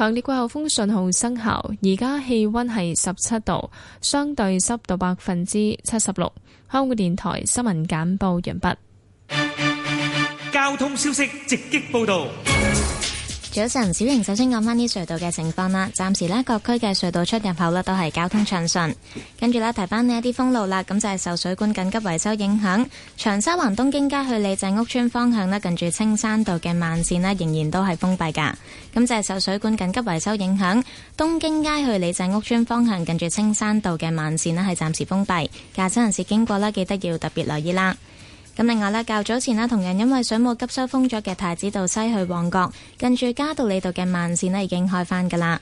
強烈季候風信號生效，而家氣溫係十七度，相對濕度百分之七十六。香港電台新聞簡報，完畢。交通消息直擊報道。早晨，小瑩首先講返啲隧道嘅情況啦。暫時呢，各區嘅隧道出入口呢都係交通暢順。跟住呢，提翻呢一啲封路啦。咁就係、是、受水管緊急維修影響，長沙灣東京街去李鄭屋村方向呢，近住青山道嘅慢綫呢，仍然都係封閉噶。咁就係、是、受水管緊急維修影響，東京街去李鄭屋村方向近住青山道嘅慢綫呢，係暫時封閉，駕車人士經過呢，記得要特別留意啦。咁另外咧，較早前啦，同樣因為水務急修封咗嘅太子道西去旺角，近住嘉道理道嘅慢線呢已經開返噶啦。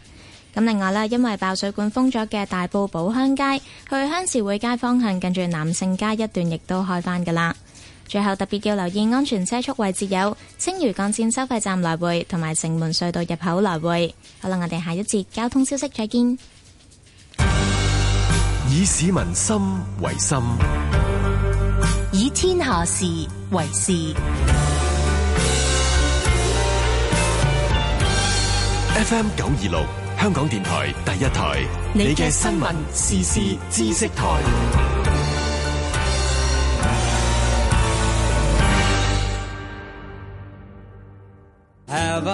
咁另外咧，因為爆水管封咗嘅大埔寶鄉街去鄉事會街方向，近住南盛街一段亦都開返噶啦。最後特別要留意安全車速位置有青嶼幹線收費站來回同埋城門隧道入口來回。好啦，我哋下一節交通消息再見。以市民心為心。天下事為事，FM 九二六，香港電台第一台，你嘅新聞時事知識台。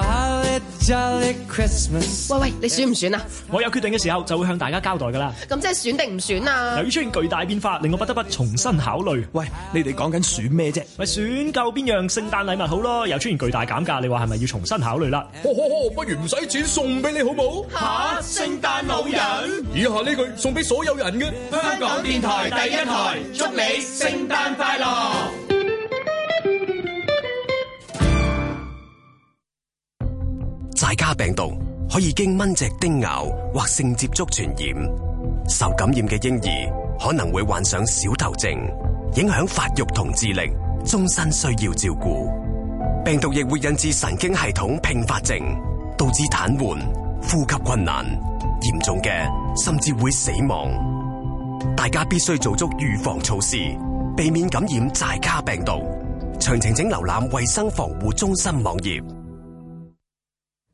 uh, 喂喂，你選唔選啊？我有決定嘅時候就會向大家交代噶啦。咁即係選定唔選啊？由於出現巨大變化，令我不得不重新考慮。喂，你哋講緊選咩啫？咪選夠邊樣聖誕禮物好咯？又出現巨大減價，你話係咪要重新考慮啦，啊啊？不如唔使錢送俾你好冇？吓，聖誕老人，以下呢句送俾所有人嘅。香港電台第一台，祝你聖誕快樂。寨卡病毒可以經蚊隻叮咬或性接觸傳染，受感染嘅嬰兒可能會患上小頭症，影響發育同智力，終身需要照顧。病毒亦會引致神經系統併發症，導致癱瘓、呼吸困難，嚴重嘅甚至會死亡。大家必須做足預防措施，避免感染寨卡病毒。詳情請瀏覽衛生防護中心網頁。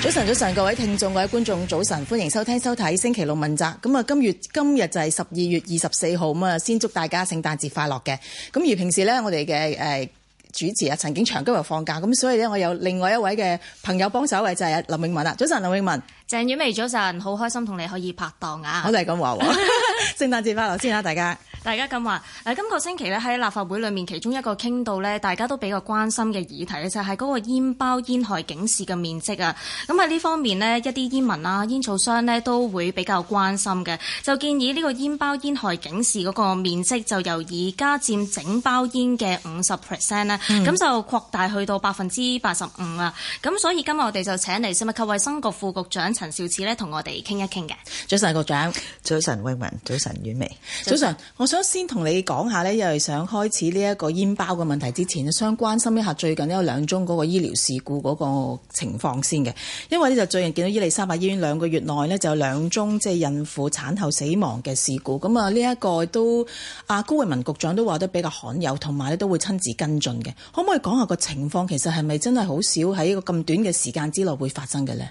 早晨，早晨，各位聽眾、各位觀眾，早晨，歡迎收聽、收睇《星期六問責》。咁啊，今月今日就係十二月二十四號，咁啊，先祝大家聖誕節快樂嘅。咁而平時呢，我哋嘅誒主持啊，陳景祥今日放假，咁所以呢，我有另外一位嘅朋友幫手，就係、是、林詠雯。早晨，林詠雯。鄭婉薇早晨，好開心同你可以拍檔啊！好，就係咁話， 聖誕節快樂先啦，大家！ 大家咁話，誒今個星期咧喺立法會裏面，其中一個傾到咧，大家都比較關心嘅議題咧，就係嗰個煙包煙害警示嘅面積啊！咁喺呢方面呢一啲煙民啊、煙草商呢都會比較關心嘅，就建議呢個煙包煙害警示嗰個面積就由而家佔整包煙嘅五十 percent 咧，咁就擴大去到百分之八十五啊！咁所以今日我哋就請嚟食物及衞生局副局長。陳肇始咧，同我哋傾一傾嘅。早晨，局長，早晨，詠雯，早晨，婉薇，早晨。我想先同你講下呢，又係想開始呢一個煙包嘅問題之前，想關心一下最近呢有兩宗嗰個醫療事故嗰個情況先嘅，因為呢，就最近見到伊利沙伯醫院兩個月內呢，就有兩宗即係孕婦產後死亡嘅事故咁啊。呢一個都阿高永文局長都話得比較罕有，同埋呢都會親自跟進嘅。可唔可以講下個情況？其實係咪真係好少喺一個咁短嘅時間之內會發生嘅呢？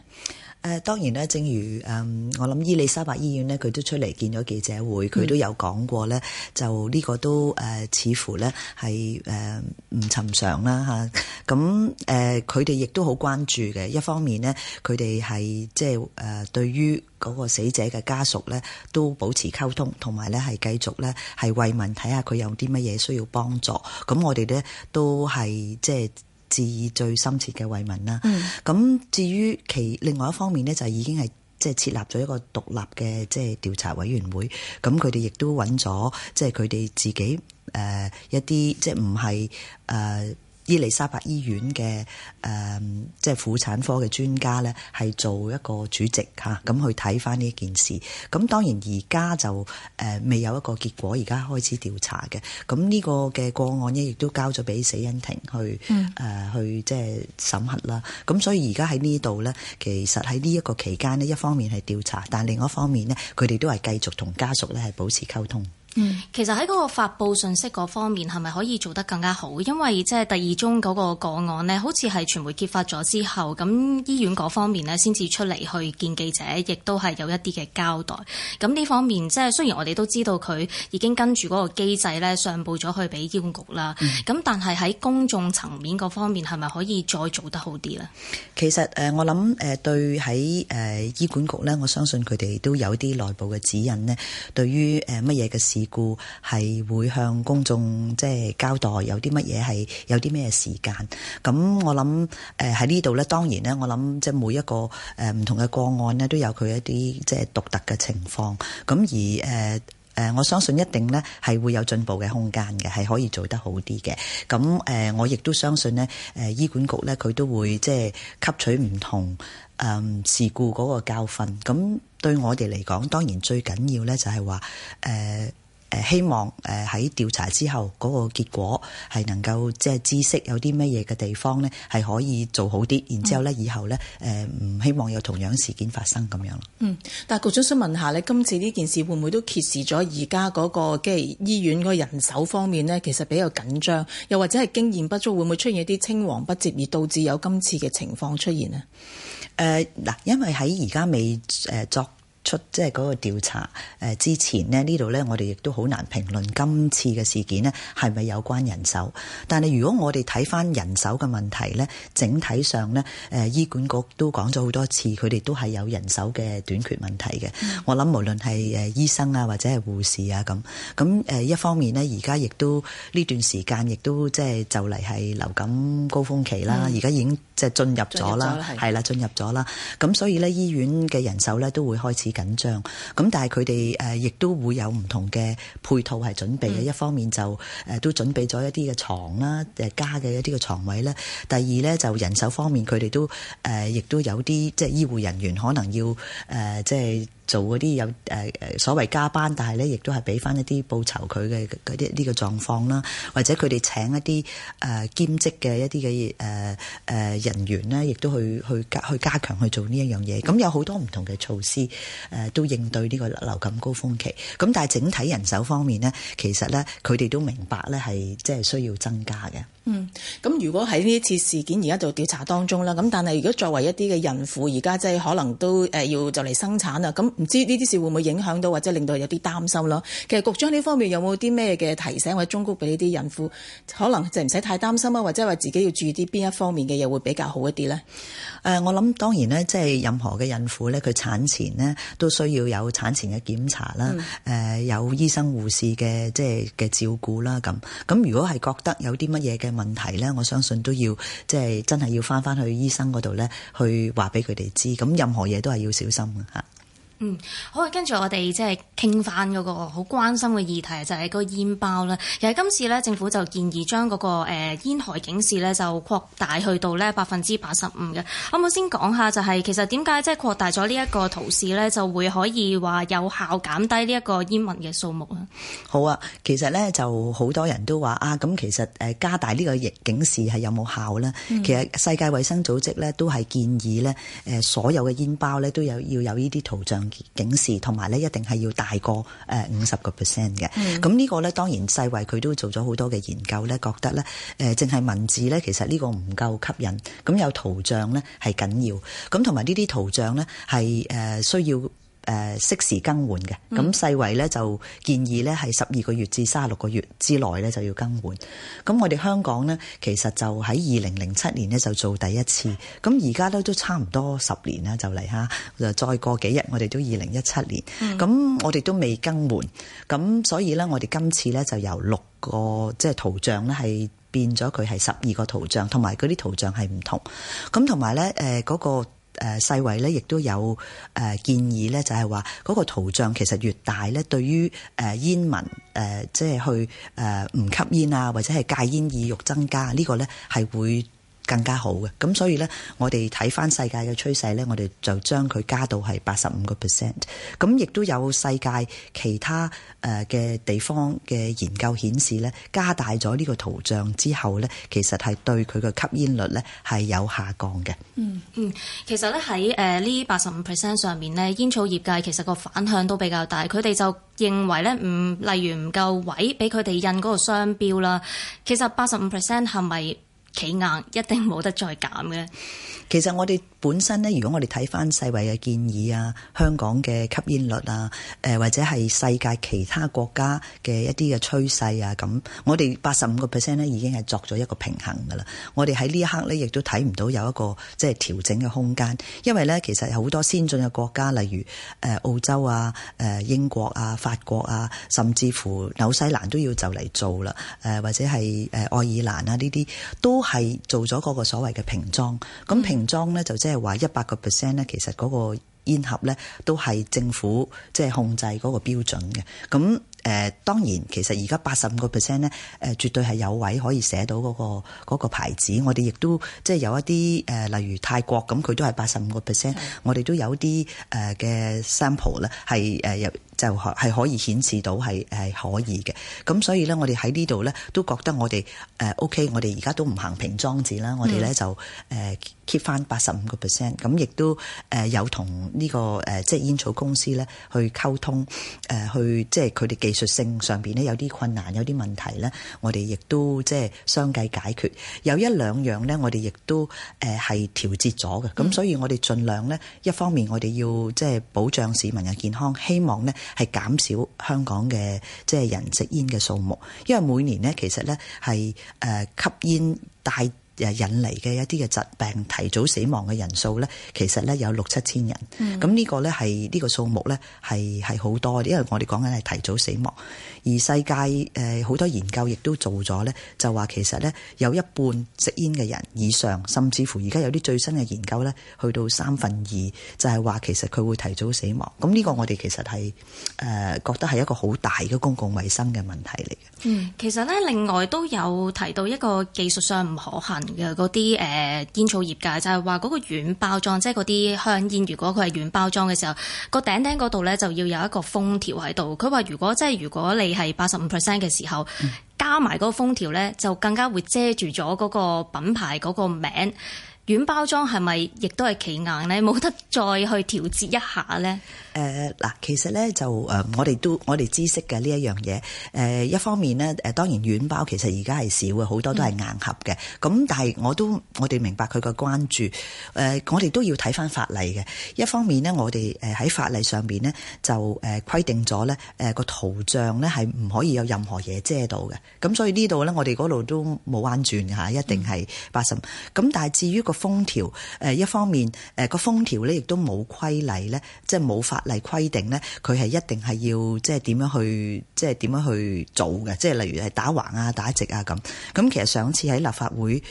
誒、呃、當然咧，正如誒、呃、我諗，伊利沙伯醫院咧，佢都出嚟見咗記者會，佢、嗯、都有講過咧，就呢個都誒、呃、似乎咧係誒唔尋常啦嚇。咁誒佢哋亦都好關注嘅，一方面咧，佢哋係即係誒對於嗰個死者嘅家屬咧，都保持溝通，同埋咧係繼續咧係慰問，睇下佢有啲乜嘢需要幫助。咁我哋咧都係即係。即係致以最深切嘅慰問啦，咁至於其另外一方面呢，就係已經係即係設立咗一個獨立嘅即係調查委員會。咁佢哋亦都揾咗即係佢哋自己誒、呃、一啲即係唔係誒。呃伊利沙伯醫院嘅誒、嗯，即係婦產科嘅專家咧，係做一個主席嚇，咁、啊、去睇翻呢一件事。咁當然而家就誒、呃、未有一個結果，而家開始調查嘅。咁、嗯、呢個嘅個案呢，亦都交咗俾死因庭去誒、呃、去即係審核啦。咁所以而家喺呢度咧，其實喺呢一個期間呢，一方面係調查，但另一方面呢，佢哋都係繼續同家屬咧係保持溝通。嗯、其實喺嗰個發布信息嗰方面，係咪可以做得更加好？因為即係第二宗嗰個個案呢，好似係傳媒揭發咗之後，咁醫院嗰方面呢，先至出嚟去見記者，亦都係有一啲嘅交代。咁呢方面即係雖然我哋都知道佢已經跟住嗰個機制呢，上報咗去俾醫管局啦，咁、嗯、但係喺公眾層面嗰方面，係咪可以再做得好啲呢？其實誒，我諗誒對喺誒醫管局呢，我相信佢哋都有啲內部嘅指引呢，對於誒乜嘢嘅事。故係會向公眾，即係交代有啲乜嘢係有啲咩時間。咁我諗誒喺呢度咧，當然咧我諗即係每一個誒唔同嘅個案咧都有佢一啲即係獨特嘅情況，咁而誒誒我相信一定咧係會有進步嘅空間嘅，係可以做得好啲嘅。咁誒我亦都相信咧，誒醫管局咧佢都會即係吸取唔同誒事故嗰個教訓，咁對我哋嚟講當然最緊要咧就係話誒。呃誒，希望誒喺調查之後嗰，那個結果係能夠即係，就是，知識有啲乜嘢嘅地方呢，係可以做好啲，然之後呢，以後呢，誒唔希望有同樣事件發生咁樣咯。嗯，但係局長想問下呢，今次呢件事會唔會都揭示咗而家嗰個即係醫院嗰人手方面呢，其實比較緊張，又或者係經驗不足，會唔會出現一啲青黃不接而導致有今次嘅情況出現呢？誒、呃、嗱，因為喺而家未誒、呃、作。出即係嗰個調查誒之前呢，呢度呢，我哋亦都好難評論今次嘅事件呢係咪有關人手。但係如果我哋睇翻人手嘅問題呢，整體上呢，誒醫管局都講咗好多次，佢哋都係有人手嘅短缺問題嘅、嗯。我諗無論係誒醫生啊或者係護士啊，咁咁誒一方面呢，而家亦都呢段時間亦都即係就嚟係流感高峰期啦，而、嗯、家已經。即係進入咗啦，係啦，進入咗啦。咁所以呢，醫院嘅人手呢都會開始緊張。咁但係佢哋亦都會有唔同嘅配套係準備嘅、嗯。一方面就都準備咗一啲嘅床啦，加嘅一啲嘅床位咧。第二呢，就人手方面，佢哋都亦都有啲即係醫護人員可能要誒即係。呃即係做嗰啲有誒所謂加班，但係咧亦都係俾翻一啲報酬佢嘅嗰啲呢個狀況啦，或者佢哋請一啲誒、呃、兼職嘅一啲嘅誒誒人員咧，亦都去去加去加強去做呢一樣嘢。咁、嗯、有好多唔同嘅措施誒、呃，都應對呢個流感高峰期。咁但係整體人手方面咧，其實咧佢哋都明白咧係即係需要增加嘅。嗯，咁如果喺呢次事件而家做調查當中啦，咁但係如果作為一啲嘅孕婦而家即係可能都誒要就嚟生產啊，咁唔知呢啲事會唔會影響到或者令到有啲擔心咯？其實局長呢方面有冇啲咩嘅提醒或者忠告畀呢啲孕婦，可能就唔使太擔心啊，或者話自己要注意啲邊一方面嘅嘢，會比較好一啲咧？誒、呃、我諗當然咧，即係任何嘅孕婦咧，佢產前咧都需要有產前嘅檢查啦，誒、嗯呃、有醫生護士嘅即係嘅照顧啦，咁咁如果係覺得有啲乜嘢嘅。問題咧，我相信都要即係真係要翻翻去醫生嗰度咧，去話俾佢哋知。咁任何嘢都係要小心嘅吓。嗯，好啊，跟住我哋即係傾翻嗰個好關心嘅議題，就係、是、個煙包啦。其實今次咧，政府就建議將嗰、那個誒、呃、煙害警示咧就擴大去到咧百分之八十五嘅。可唔可以先講下就係、是、其實點解即係擴大咗呢一個圖示咧，就會可以話有效減低呢一個煙民嘅數目啊？好啊，其實咧就好多人都話啊，咁其實誒加大呢個疫警示係有冇效啦、嗯、其實世界衛生組織咧都係建議咧誒所有嘅煙包咧都有要有呢啲圖像。警示同埋咧，一定係要大過誒五十個 percent 嘅。嗯。咁呢個咧，當然世衛佢都做咗好多嘅研究咧，覺得咧，誒淨係文字咧，其實呢個唔夠吸引，咁有圖像咧係緊要。咁同埋呢啲圖像咧係誒需要。誒、呃、適時更換嘅，咁、嗯、世衞咧就建議咧係十二個月至卅六個月之內咧就要更換。咁我哋香港咧其實就喺二零零七年咧就做第一次，咁而家咧都差唔多十年啦就嚟吓，就再過幾日我哋都二零一七年，咁、嗯、我哋都未更換，咁所以咧我哋今次咧就由六個即係、就是、圖像咧係變咗佢係十二個圖像，同埋嗰啲圖像係唔同，咁同埋咧誒嗰個。誒世衞咧，亦都有誒建議咧，就係話嗰個圖像其實越大咧，對於煙民，即係去唔、呃、吸煙啊，或者係戒煙意欲增加，呢個咧係會，更加好嘅，咁所以呢，我哋睇翻世界嘅趨勢呢，我哋就將佢加到係八十五個 percent。咁亦都有世界其他誒嘅地方嘅研究顯示呢，加大咗呢個圖像之後呢，其實係對佢嘅吸煙率呢係有下降嘅。嗯嗯，其實呢，喺誒呢八十五 percent 上面呢，煙草業界其實個反響都比較大，佢哋就認為呢，唔例如唔夠位俾佢哋印嗰個商標啦。其實八十五 percent 係咪？企硬一定冇得再減嘅。其實我哋本身咧，如果我哋睇翻世衞嘅建議啊，香港嘅吸煙率啊，誒或者係世界其他國家嘅一啲嘅趨勢啊，咁我哋八十五個 percent 咧已經係作咗一個平衡噶啦。我哋喺呢一刻咧，亦都睇唔到有一個即係、就是、調整嘅空間，因為咧其實好多先進嘅國家，例如誒澳洲啊、誒英國啊、法國啊，甚至乎紐西蘭都要就嚟做啦，誒或者係誒愛爾蘭啊呢啲都係做咗嗰個所謂嘅平裝咁平裝咧就即係話一百個 percent 咧，其實嗰個煙盒咧都係政府即係控制嗰個標準嘅，咁。誒、呃、當然，其實而家八十五個 percent 咧，誒、呃、絕對係有位可以寫到嗰個嗰個牌子。我哋亦都即係有一啲誒、呃、例如泰國咁，佢都係八十五個 percent。我哋都有啲誒嘅 sample 咧，係誒有就係可以顯示到係誒可以嘅。咁所以咧，我哋喺呢度咧都覺得我哋誒、呃、OK，我哋而家都唔行平裝置啦，我哋咧就誒 keep 翻八十五個 percent。咁亦都誒有同呢個誒即係煙草公司咧去溝通，誒、呃、去即係佢哋嘅。技術性上邊咧有啲困難，有啲問題呢我哋亦都即係相繼解決，有一兩樣呢，我哋亦都誒係調節咗嘅。咁、嗯、所以我哋盡量呢，一方面我哋要即係保障市民嘅健康，希望呢係減少香港嘅即係人食煙嘅數目，因為每年呢，其實呢係誒吸煙大引嚟嘅一啲嘅疾病提早死亡嘅人數咧，其實咧有六七千人。嗯，咁呢個咧係呢個數目咧係係好多，因為我哋講緊係提早死亡。而世界誒好多研究亦都做咗咧，就話其實咧有一半食煙嘅人以上，甚至乎而家有啲最新嘅研究咧，去到三分二，就係話其實佢會提早死亡。咁呢個我哋其實係誒覺得係一個好大嘅公共衛生嘅問題嚟嘅。嗯，其實咧另外都有提到一個技術上唔可行。嗰啲誒煙草業界就係話嗰個軟包裝，即係嗰啲香煙。如果佢係軟包裝嘅時候，個頂頂嗰度呢就要有一個封條喺度。佢話如果即係、就是、如果你係八十五 percent 嘅時候，嗯、加埋嗰個封條呢就更加會遮住咗嗰個品牌嗰個名。軟包裝係咪亦都係企硬咧？冇得再去調節一下咧？誒，嗱，其實咧就誒，我哋都我哋知悉嘅呢一樣嘢。誒、呃，一方面咧，誒，當然軟包其實而家係少嘅，好多都係硬盒嘅。咁、嗯、但係我都我哋明白佢個關注。誒、呃，我哋都要睇翻法例嘅。一方面呢，我哋誒喺法例上邊呢，就誒規定咗咧，誒個圖像咧係唔可以有任何嘢遮到嘅。咁所以呢度咧，我哋嗰度都冇彎轉吓，一定係八十。咁但係至於個。封條，誒一方面，誒個封條咧亦都冇規例咧，即係冇法例規定咧，佢係一定係要即係點樣去，即係點樣去做嘅，即係例如係打橫啊、打直啊咁。咁其實上次喺立法會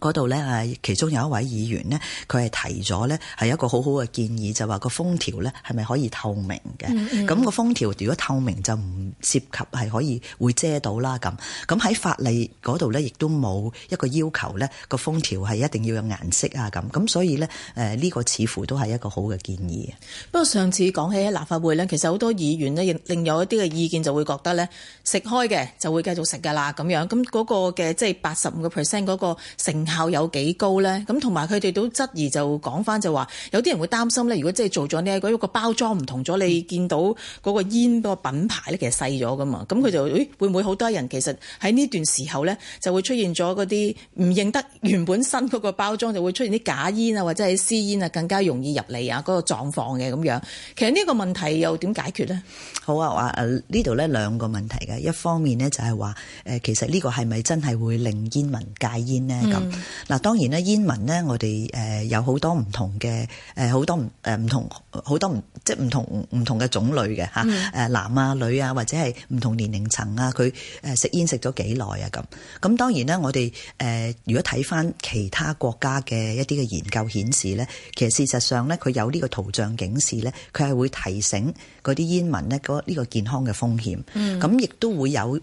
嗰度咧，其中有一位議員呢，佢係提咗咧，係一個好好嘅建議，就話個封條咧，係咪可以透明嘅？咁個封條如果透明就唔涉及係可以會遮到啦。咁咁喺法例嗰度咧，亦都冇一個要求咧，個封條係一定要有顏色啊。咁咁所以咧，誒，呢個似乎都係一個好嘅建議。不過上次講起喺立法會咧，其實好多議員呢，另有一啲嘅意見就會覺得咧，食開嘅就會繼續食㗎啦。咁樣咁嗰個嘅即係八十五個 percent 嗰個成效有幾高咧？咁同埋佢哋都質疑就，就講返就話，有啲人會擔心咧。如果即係做咗呢一個包裝唔同咗，你見到嗰個煙個品牌咧，其實細咗㗎嘛。咁佢就誒、哎、會唔會好多人其實喺呢段時候咧，就會出現咗嗰啲唔認得原本新嗰個包裝，就會出現啲假煙啊，或者係私煙啊，更加容易入嚟啊嗰、那個狀況嘅咁樣。其實呢個問題又點解決咧？好啊，話誒、啊、呢度咧，兩個問題嘅，一方面咧就係話誒，其實呢個係咪真係會令煙民戒煙呢？嗯咁嗱、嗯，當然咧，煙民咧，我哋、呃、有好多唔同嘅誒好多唔、呃、同好、呃、多唔即係唔同唔同嘅種類嘅，啊嗯、男啊女啊，或者係唔同年齡層啊，佢誒、呃、食煙食咗幾耐啊，咁咁當然咧，我哋，呃、如果睇翻其他國家嘅一啲嘅研究顯示咧，其實事實上咧佢有呢個圖像警示咧，佢係會提醒嗰啲煙民咧呢個健康嘅風險，咁亦都會有。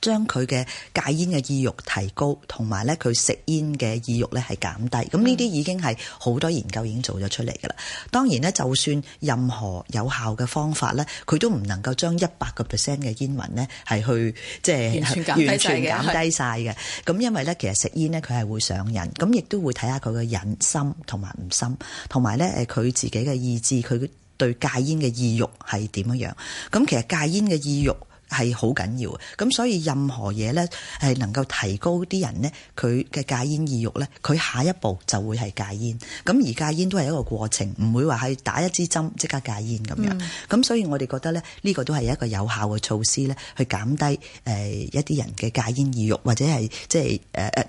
將佢嘅戒煙嘅意欲提高，同埋咧佢食煙嘅意欲咧係減低。咁呢啲已經係好多研究已經做咗出嚟噶啦。當然咧，就算任何有效嘅方法咧，佢都唔能夠將一百個 percent 嘅煙民咧係去即係、就是、完全減低晒嘅。咁因為咧，其實食煙咧佢係會上癮，咁亦都會睇下佢嘅癮深同埋唔深，同埋咧誒佢自己嘅意志，佢對戒煙嘅意欲係點樣樣。咁其實戒煙嘅意欲係好緊要嘅，咁所以任何嘢呢係能夠提高啲人呢佢嘅戒煙意欲呢，佢下一步就會係戒煙。咁而戒煙都係一個過程，唔會話係打一支針即刻戒煙咁樣。咁、嗯、所以我哋覺得呢呢、呢個都係一個有效嘅措施呢，去減低誒一啲人嘅戒煙意欲，或者係即係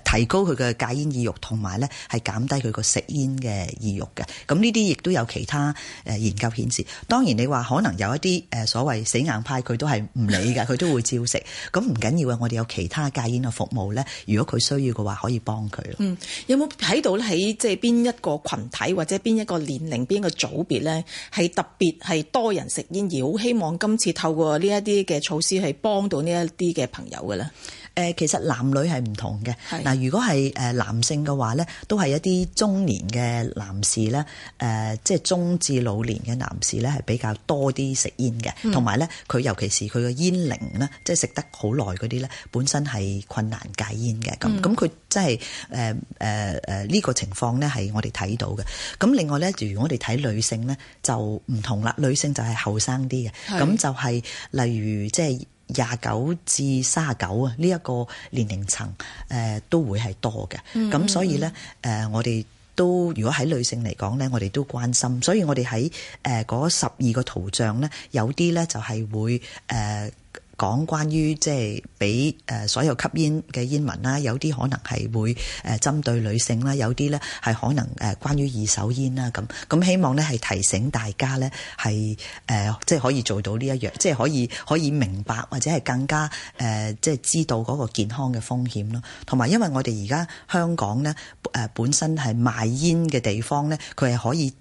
誒提高佢嘅戒煙意欲，同埋呢係減低佢個食煙嘅意欲嘅。咁呢啲亦都有其他誒研究顯示。當然你話可能有一啲誒所謂死硬派，佢都係唔理。 佢都會照食，咁唔緊要嘅。我哋有其他戒煙嘅服務咧，如果佢需要嘅話，可以幫佢咯。嗯，有冇睇到喺即係邊一個群體或者邊一個年齡、邊個組別咧，係特別係多人食煙，而好希望今次透過呢一啲嘅措施係幫到呢一啲嘅朋友嘅咧？誒，其實男女係唔同嘅。嗱，如果係誒男性嘅話咧，都係一啲中年嘅男士咧，誒、呃，即係中至老年嘅男士咧，係比較多啲食煙嘅，同埋咧，佢尤其是佢嘅煙。零咧，即係食得好耐嗰啲咧，本身係困難戒煙嘅。咁、嗯，咁佢即係誒誒誒呢個情況咧係我哋睇到嘅。咁另外咧，如果我哋睇女性咧就唔同啦，女性就係後生啲嘅。咁就係、是、例如即係廿九至卅九啊呢一個年齡層誒、呃、都會係多嘅。咁、嗯、所以咧誒、呃、我哋。都如果喺女性嚟講咧，我哋都關心，所以我哋喺誒嗰十二個圖像咧，有啲咧就係會誒。呃講關於即係俾誒所有吸煙嘅煙民啦，有啲可能係會誒針對女性啦，有啲咧係可能誒關於二手煙啦咁。咁希望咧係提醒大家咧係誒即係可以做到呢一樣，即係可以可以明白或者係更加誒即係知道嗰個健康嘅風險咯。同埋因為我哋而家香港咧誒本身係賣煙嘅地方咧，佢係可以。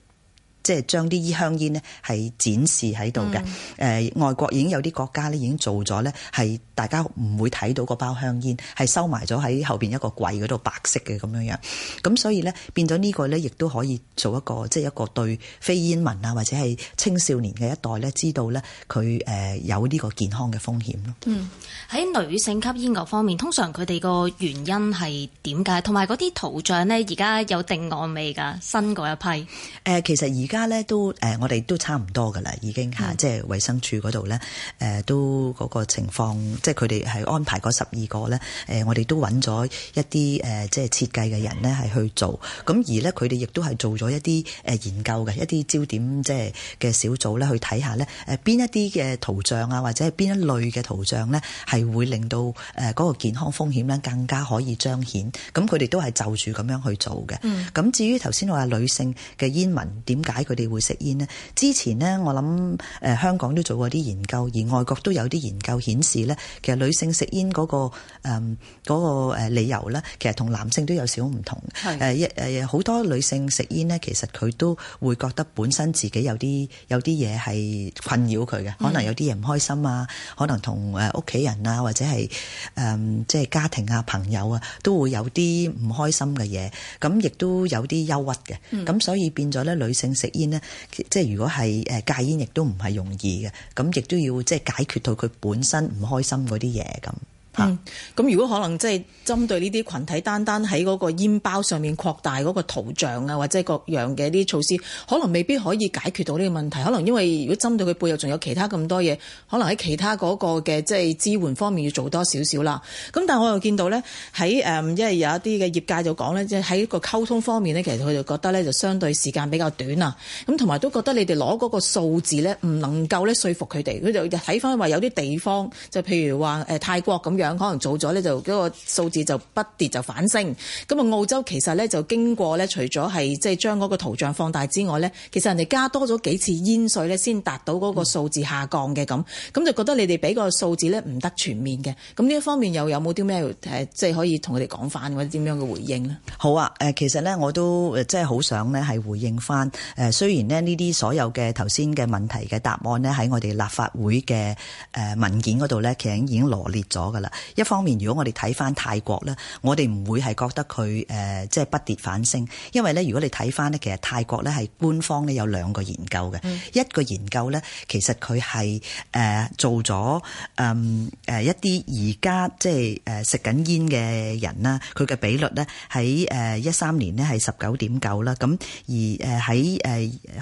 即係將啲煙香煙呢係展示喺度嘅，誒、嗯呃，外國已經有啲國家咧已經做咗呢係大家唔會睇到嗰包香煙，係收埋咗喺後邊一個櫃嗰度，白色嘅咁樣樣。咁所以呢變咗呢個呢，亦都可以做一個即係一個對非煙民啊，或者係青少年嘅一代呢，知道呢佢誒有呢個健康嘅風險咯。嗯，喺女性吸煙嗰方面，通常佢哋個原因係點解？同埋嗰啲圖像呢，而家有定案未㗎？新嗰一批誒、呃，其實而家。而家咧都誒、呃、我哋都差唔多噶啦，已經吓即係衛生署嗰度咧誒都嗰個情況，即係佢哋係安排嗰十二個咧誒、呃、我哋都揾咗一啲誒即係設計嘅人咧係去做，咁而咧佢哋亦都係做咗一啲誒研究嘅一啲焦點即係嘅小組咧去睇下咧誒邊一啲嘅圖像啊，或者係邊一類嘅圖像咧係會令到誒嗰個健康風險咧更加可以彰顯，咁佢哋都係就住咁樣去做嘅。咁、嗯、至於頭先我話女性嘅煙民點解？佢哋會食煙咧，之前呢，我諗誒、呃、香港都做過啲研究，而外國都有啲研究顯示呢，其實女性食煙嗰、那個誒嗰、嗯那個、理由呢，其實同男性都有少少唔同。係誒誒，好、呃呃、多女性食煙呢，其實佢都會覺得本身自己有啲有啲嘢係困擾佢嘅，可能有啲嘢唔開心啊，嗯、可能同誒屋企人啊，或者係誒即係家庭啊、朋友啊，都會有啲唔開心嘅嘢，咁亦都有啲憂鬱嘅。咁、嗯、所以變咗咧，女性食煙咧，即係如果係誒戒煙亦都唔係容易嘅，咁亦都要即係解決到佢本身唔開心嗰啲嘢咁。嗯，咁如果可能即係針對呢啲群體，單單喺嗰個煙包上面擴大嗰個圖像啊，或者各樣嘅啲措施，可能未必可以解決到呢個問題，可能因為如果針對佢背後仲有其他咁多嘢，可能喺其他嗰個嘅即係支援方面要做多少少啦。咁但係我又見到咧喺誒，因為有一啲嘅業界就講咧，即係喺個溝通方面咧，其實佢就覺得咧就相對時間比較短啊。咁同埋都覺得你哋攞嗰個數字咧，唔能夠咧說服佢哋。佢就睇翻話有啲地方就譬如話誒泰國咁樣。可能做咗咧，就、那、嗰個數字就不跌就反升。咁啊，澳洲其實咧就經過咧，除咗係即係將嗰個圖像放大之外咧，其實人哋加多咗幾次煙稅咧，先達到嗰個數字下降嘅咁。咁、嗯、就覺得你哋俾個數字咧唔得全面嘅。咁呢一方面又有冇啲咩誒，即係可以同佢哋講翻或者點樣嘅回應呢？好啊，誒其實咧我都即係好想咧係回應翻誒。雖然呢，呢啲所有嘅頭先嘅問題嘅答案咧喺我哋立法會嘅誒文件嗰度咧，其實已經羅列咗噶啦。一方面，如果我哋睇翻泰國咧，我哋唔會係覺得佢誒即係不跌反升，因為咧，如果你睇翻咧，其實泰國咧係官方咧有兩個研究嘅、嗯，一個研究咧，其實佢係誒做咗誒、嗯呃、一啲而家即係、呃、食緊煙嘅人啦，佢嘅比率咧喺誒一三年呢係十九點九啦，咁而誒喺誒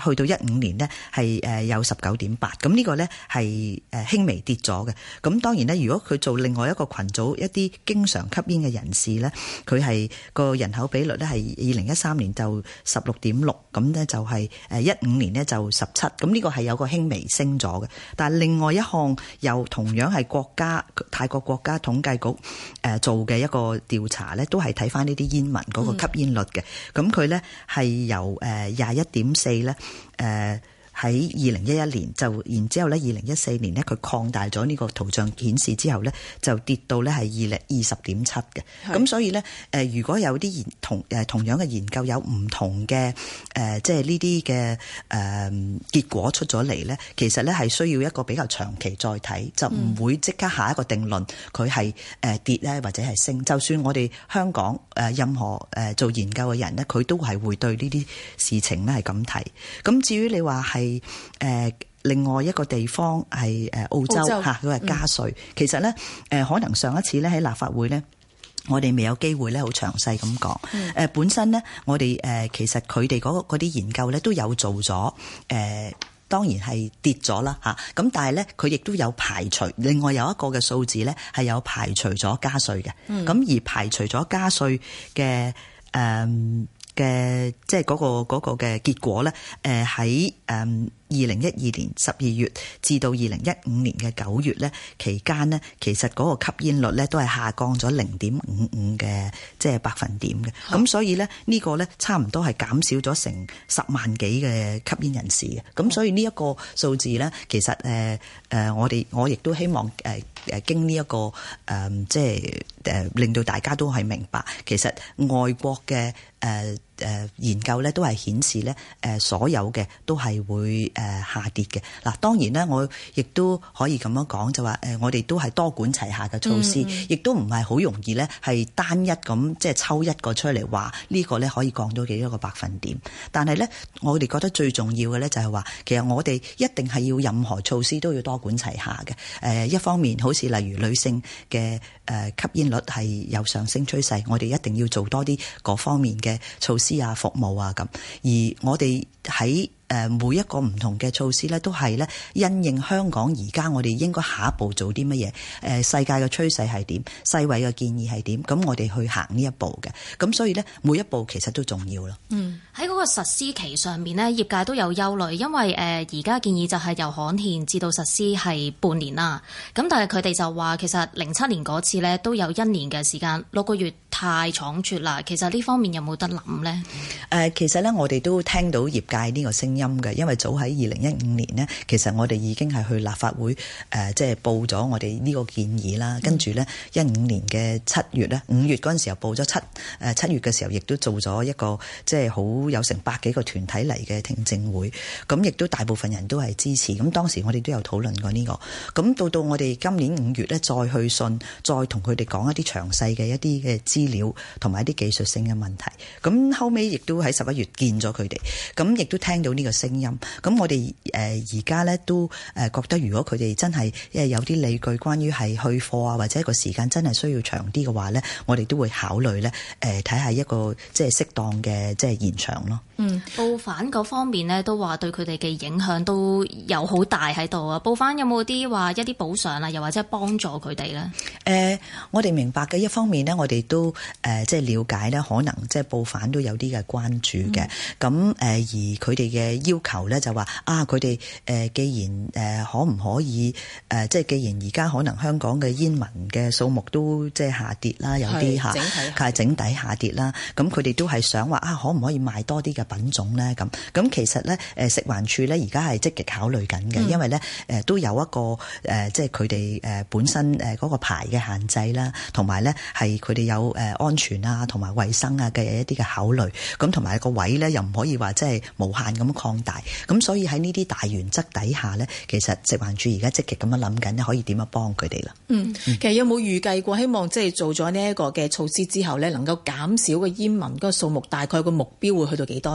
去到一五年呢，係誒有十九點八，咁呢個咧係誒輕微跌咗嘅。咁當然咧，如果佢做另外一個。群組一啲經常吸煙嘅人士呢，佢係個人口比率呢，係二零一三年就十六點六，咁呢就係誒一五年呢就十七，咁呢個係有個輕微升咗嘅。但係另外一項又同樣係國家泰國國家統計局誒做嘅一個調查呢都係睇翻呢啲煙民嗰個吸煙率嘅。咁佢呢係由誒廿一點四呢。誒。喺二零一一年就然之後咧，二零一四年咧，佢擴大咗呢個圖像顯示之後咧，就跌到咧係二零二十點七嘅。咁所以咧，誒如果有啲研同誒同樣嘅研究有唔同嘅誒、呃、即係呢啲嘅誒結果出咗嚟咧，其實咧係需要一個比較長期再睇，就唔會即刻下一個定論佢係誒跌咧或者係升，嗯。就算我哋香港誒、呃、任何誒做研究嘅人咧，佢都係會對呢啲事情咧係咁睇。咁至於你話係。係誒，另外一個地方係誒澳洲吓，佢係加稅。其實咧，誒可能上一次咧喺立法會咧，我哋未有機會咧，好詳細咁講。誒，本身咧，我哋誒其實佢哋嗰嗰啲研究咧都有做咗。誒，當然係跌咗啦吓。咁但係咧，佢亦都有排除另外有一個嘅數字咧，係有排除咗加稅嘅。咁而排除咗加稅嘅誒。嘅即係嗰個嗰個嘅結果咧，誒喺誒二零一二年十二月至到二零一五年嘅九月咧期間呢，其實嗰個吸煙率咧都係下降咗零點五五嘅即係百分點嘅。咁所以咧，呢個咧差唔多係減少咗成十萬幾嘅吸煙人士嘅。咁所以呢一個數字咧，其實誒誒、呃、我哋我亦都希望誒誒、呃、經呢一個誒、呃、即係誒令到大家都係明白，其實外國嘅誒。呃誒研究咧都係顯示咧誒所有嘅都係會誒下跌嘅嗱，當然咧我亦都可以咁樣講就話誒我哋都係多管齊下嘅措施，亦都唔係好容易咧係單一咁即係抽一個出嚟話呢個咧可以降到幾多個百分點，但係咧我哋覺得最重要嘅咧就係話，其實我哋一定係要任何措施都要多管齊下嘅誒，一方面好似例如女性嘅。吸煙率係有上升趨勢，我哋一定要做多啲各方面嘅措施啊、服務啊咁。而我哋喺誒每一個唔同嘅措施咧，都係咧因應香港而家我哋應該下一步做啲乜嘢？誒世界嘅趨勢係點？世衞嘅建議係點？咁我哋去行呢一步嘅。咁所以呢，每一步其實都重要咯。嗯，喺嗰個實施期上面呢，業界都有憂慮，因為誒而家建議就係由刊憲至到實施係半年啦。咁但係佢哋就話其實零七年嗰次呢，都有一年嘅時間六個月。太倉促啦！其實呢方面有冇得諗呢、呃？其實呢，我哋都聽到業界呢個聲音嘅，因為早喺二零一五年呢，其實我哋已經係去立法會即係、呃就是、報咗我哋呢個建議啦。跟住呢，一五年嘅七月呢，五月嗰陣時候報咗七七月嘅時候，亦都做咗一個即係、就是、好有成百幾個團體嚟嘅聽證會，咁亦都大部分人都係支持。咁當時我哋都有討論過呢、這個，咁到到我哋今年五月呢，再去信，再同佢哋講一啲詳細嘅一啲嘅資料同埋一啲技術性嘅問題，咁後尾亦都喺十一月見咗佢哋，咁亦都聽到呢個聲音，咁我哋誒而家咧都誒覺得，如果佢哋真係因為有啲理據，關於係去貨啊，或者個時間真係需要長啲嘅話咧，我哋都會考慮咧，誒睇下一個即係適當嘅即係延長咯。嗯，報販嗰方面咧，都話對佢哋嘅影響都有好大喺度啊！報販有冇啲話一啲補償啊，又或者幫助佢哋咧？誒、呃，我哋明白嘅一方面咧，我哋都誒即係了解咧，可能即係報販都有啲嘅關注嘅。咁、嗯、誒而佢哋嘅要求咧、就是，就話啊，佢哋誒既然誒可唔可以誒即係既然而家可能香港嘅煙民嘅數目都即係下跌啦，有啲嚇係整體下跌啦，咁佢哋都係想話啊，可唔可以賣多啲咁？品種咧咁咁，其實咧誒食環署咧而家係積極考慮緊嘅，因為咧誒都有一個誒，即係佢哋誒本身誒嗰個牌嘅限制啦，同埋咧係佢哋有誒安全啊同埋衞生啊嘅一啲嘅考慮。咁同埋個位咧又唔可以話即係無限咁擴大。咁所以喺呢啲大原則底下咧，其實食環署而家積極咁樣諗緊咧，可以點樣幫佢哋啦？嗯，其實有冇預計過希望即係做咗呢一個嘅措施之後咧，能夠減少個煙民嗰個數目，大概個目標會去到幾多？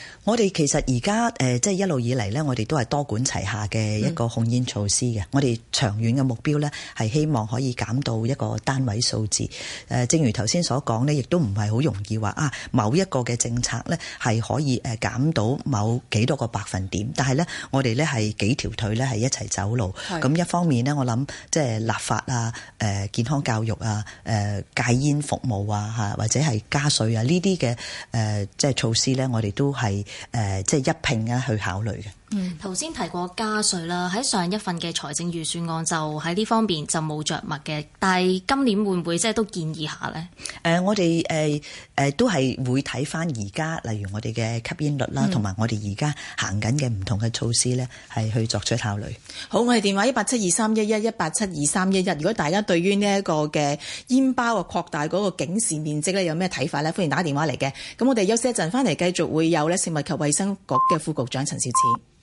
我哋其實而家誒，即係一路以嚟咧，我哋都係多管齊下嘅一個控煙措施嘅、嗯。我哋長遠嘅目標咧，係希望可以減到一個單位數字。誒，正如頭先所講咧，亦都唔係好容易話啊，某一個嘅政策咧係可以誒減到某幾多個百分點。但係咧，我哋咧係幾條腿咧係一齊走路。咁一方面咧，我諗即係立法啊、呃、健康教育啊、誒戒煙服務啊嚇，或者係加稅啊呢啲嘅誒即係措施咧，我哋都係。誒、呃，即、就、係、是、一併啊，去考慮嘅。頭先提過加稅啦，喺上一份嘅財政預算案就喺呢方面就冇着墨嘅，但係今年會唔會即係都建議一下咧？誒、呃，我哋誒。呃誒，都係會睇翻而家，例如我哋嘅吸煙率啦，嗯、同埋我哋而家行緊嘅唔同嘅措施呢，係去作出考慮。好，我哋電話一八七二三一一一八七二三一一。如果大家對於呢一個嘅煙包啊，擴大嗰個警示面積呢，有咩睇法呢？歡迎打電話嚟嘅。咁我哋休息一陣，翻嚟繼續會有咧食物及衛生局嘅副局長陳肇始。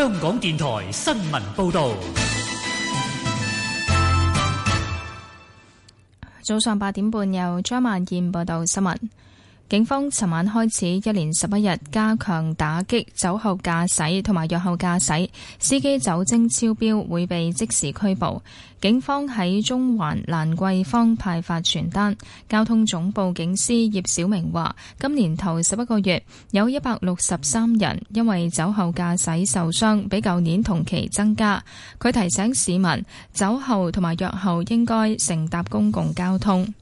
香港電台新聞報道。早上八點半，由張萬賢報道新聞。警方尋晚開始一連十一日加強打擊酒後駕駛同埋藥後駕駛，司機酒精超標會被即時拘捕。警方喺中環蘭桂坊派發傳單。交通總部警司葉小明話：今年頭十一個月，有一百六十三人因為酒後駕駛受傷，比舊年同期增加。佢提醒市民，酒後同埋藥後應該乘搭公共交通。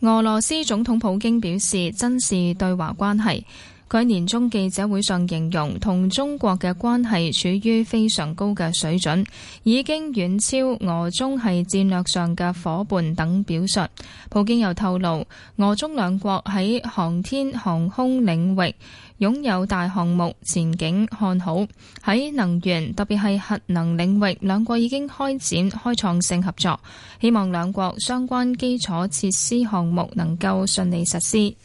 俄羅斯總統普京表示，重視對華關係。佢年終記者會上形容，同中國嘅關係處於非常高嘅水準，已經遠超俄中係戰略上嘅夥伴等表述。普京又透露，俄中兩國喺航天航空領域。擁有大項目前景看好，喺能源特別係核能領域，兩國已經開展開創性合作。希望兩國相關基礎設施項目能夠順利實施。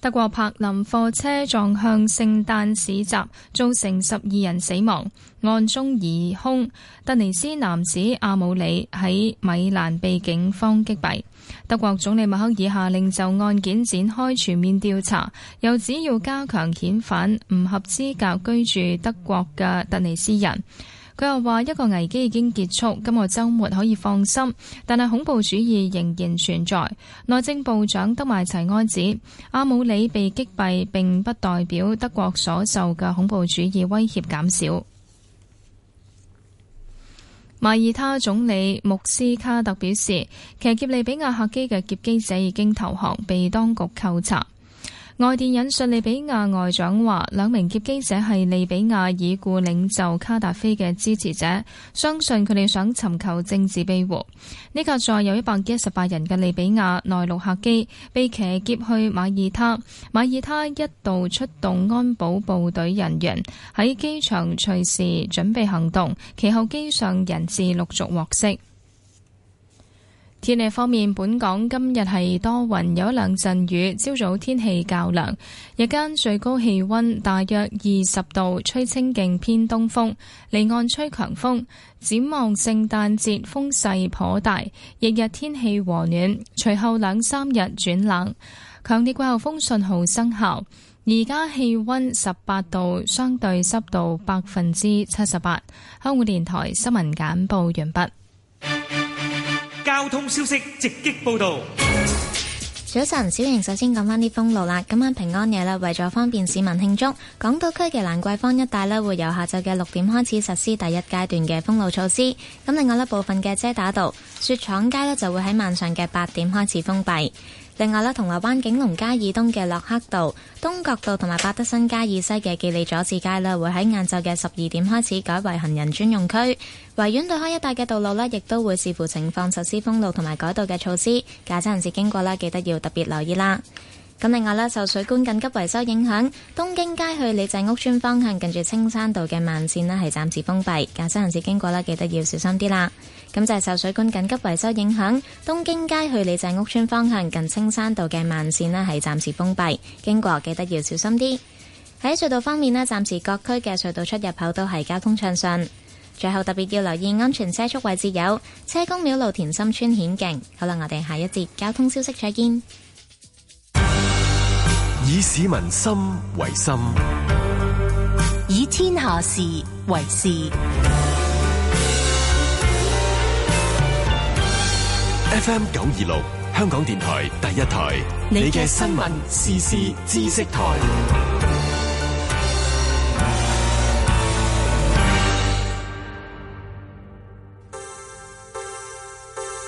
德國柏林貨車撞向聖誕市集，造成十二人死亡，案中疑兇突尼斯男子阿姆里喺米蘭被警方擊斃。德國總理默克爾下令就案件展開全面調查，又指要加強遣返唔合資格居住德國嘅突尼斯人。佢又話一個危機已經結束，今個周末可以放心，但係恐怖主義仍然存在。內政部長德邁齊安指，阿姆里被擊斃，並不代表德國所受嘅恐怖主義威脅減少。馬爾他總理穆斯卡特表示，騎劫利比亞客機嘅劫機者已經投降，被當局扣查。外電引述利比亞外長話，兩名劫機者係利比亞已故領袖卡達菲嘅支持者，相信佢哋想尋求政治庇護。呢架載有一百一十八人嘅利比亞內陸客機被騎劫去馬耳他，馬耳他一度出動安保部隊人員喺機場隨時準備行動，其後機上人質陸續獲釋。天氣方面，本港今日係多雲，有兩陣雨。朝早天氣較涼，日間最高氣溫大約二十度，吹清勁偏東風，離岸吹強風。展望聖誕節風勢頗大，日日天氣和暖，隨後兩三日轉冷。強烈季候風信號生效，而家氣溫十八度，相對濕度百分之七十八。香港電台新聞簡報完畢。交通消息直擊報道。早晨，小瑩首先講翻啲封路啦。今晚平安夜啦，為咗方便市民慶祝，港島區嘅蘭桂坊一帶咧會由下晝嘅六點開始實施第一階段嘅封路措施。咁另外咧，部分嘅遮打道、雪廠街就會喺晚上嘅八點開始封閉。另外呢銅鑼灣景隆街以東嘅洛克道、東角道同埋百德新街以西嘅記利佐治街呢，會喺晏晝嘅十二點開始改為行人專用區。維園對開一帶嘅道路呢，亦都會視乎情況實施封路同埋改道嘅措施。駕車人士經過咧，記得要特別留意啦。咁另外啦，受水管緊急維修影響，東京街去李鄭屋村方向，近住青山道嘅慢線呢，係暫時封閉，駕駛人士經過呢記得要小心啲啦。咁就係受水管緊急維修影響，東京街去李鄭屋村方向近青山道嘅慢線呢，係暫時封閉，經過記得要小心啲。喺隧道方面呢，暫時各區嘅隧道出入口都係交通暢順。最後特別要留意安全車速位置有車公廟路、田心村險徑。好啦，我哋下一節交通消息再見。以市民心為心，以天下事為事。FM 九二六，香港電台第一台，你嘅新聞、新聞時事、知識台。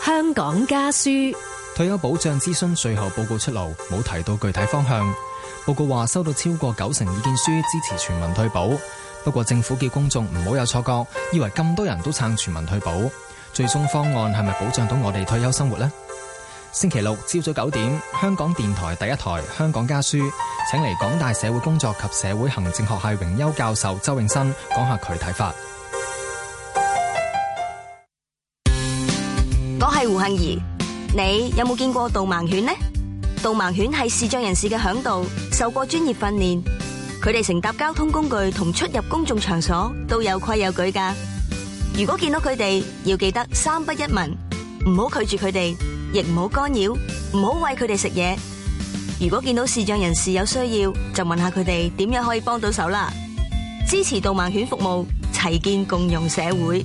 香港家書，退休保障諮詢最後報告出爐，冇提到具體方向。報告話收到超過九成意見書支持全民退保，不過政府叫公眾唔好有錯覺，以為咁多人都撐全民退保。最終方案係咪保障到我哋退休生活呢？星期六朝早九點，香港電台第一台《香港家書》，請嚟港大社會工作及社會行政學系榮休教授周永新講下佢睇法。我係胡杏兒，你有冇見過導盲犬呢？導盲犬係視障人士嘅嚮導，受過專業訓練，佢哋乘搭交通工具同出入公眾場所都有規有矩㗎。如果見到佢哋，要記得三不一問，唔好拒絕佢哋，亦唔好干擾，唔好餵佢哋食嘢。如果見到視障人士有需要，就問下佢哋點樣可以幫到手啦。支持導盲犬服務，齊建共融社會。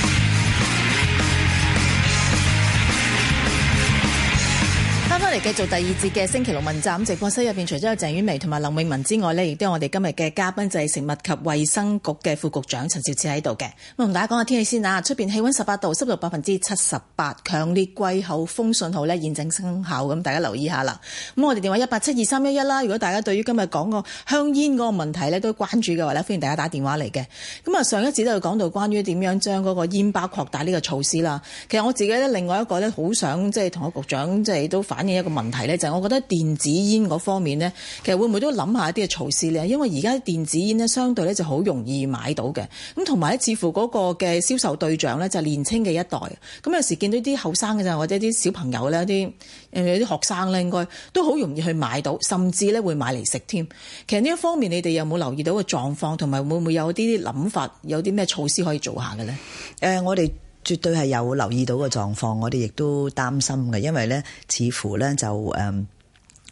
嚟繼續第二節嘅星期六問站，直播室入邊，除咗有鄭婉薇同埋林詠雯之外呢，亦都有我哋今日嘅嘉賓，就係食物及衛生局嘅副局長陳肇始喺度嘅。咁同大家講下天氣先啊，出邊氣溫十八度，濕度百分之七十八，強烈季候風信號呢，現正生效，咁大家留意一下啦。咁我哋電話一八七二三一一啦。如果大家對於今日講個香煙嗰個問題呢，都關注嘅話呢，歡迎大家打電話嚟嘅。咁啊，上一節都有講到關於點樣將嗰個煙包擴大呢個措施啦。其實我自己呢，另外一個呢，好想即係同阿局長即係都反映。一個問題咧，就係、是、我覺得電子煙嗰方面咧，其實會唔會都諗下一啲嘅措施咧？因為而家電子煙咧，相對咧就好容易買到嘅。咁同埋咧，似乎嗰個嘅銷售對象咧，就係年青嘅一代。咁有時見到啲後生嘅咋，或者啲小朋友咧、啲誒啲學生咧，應該都好容易去買到，甚至咧會買嚟食添。其實呢一方面，你哋有冇留意到個狀況，同埋會唔會有啲啲諗法，有啲咩措施可以做下嘅咧？誒、呃，我哋。絕對係有留意到嘅狀況，我哋亦都擔心嘅，因為咧，似乎咧就誒。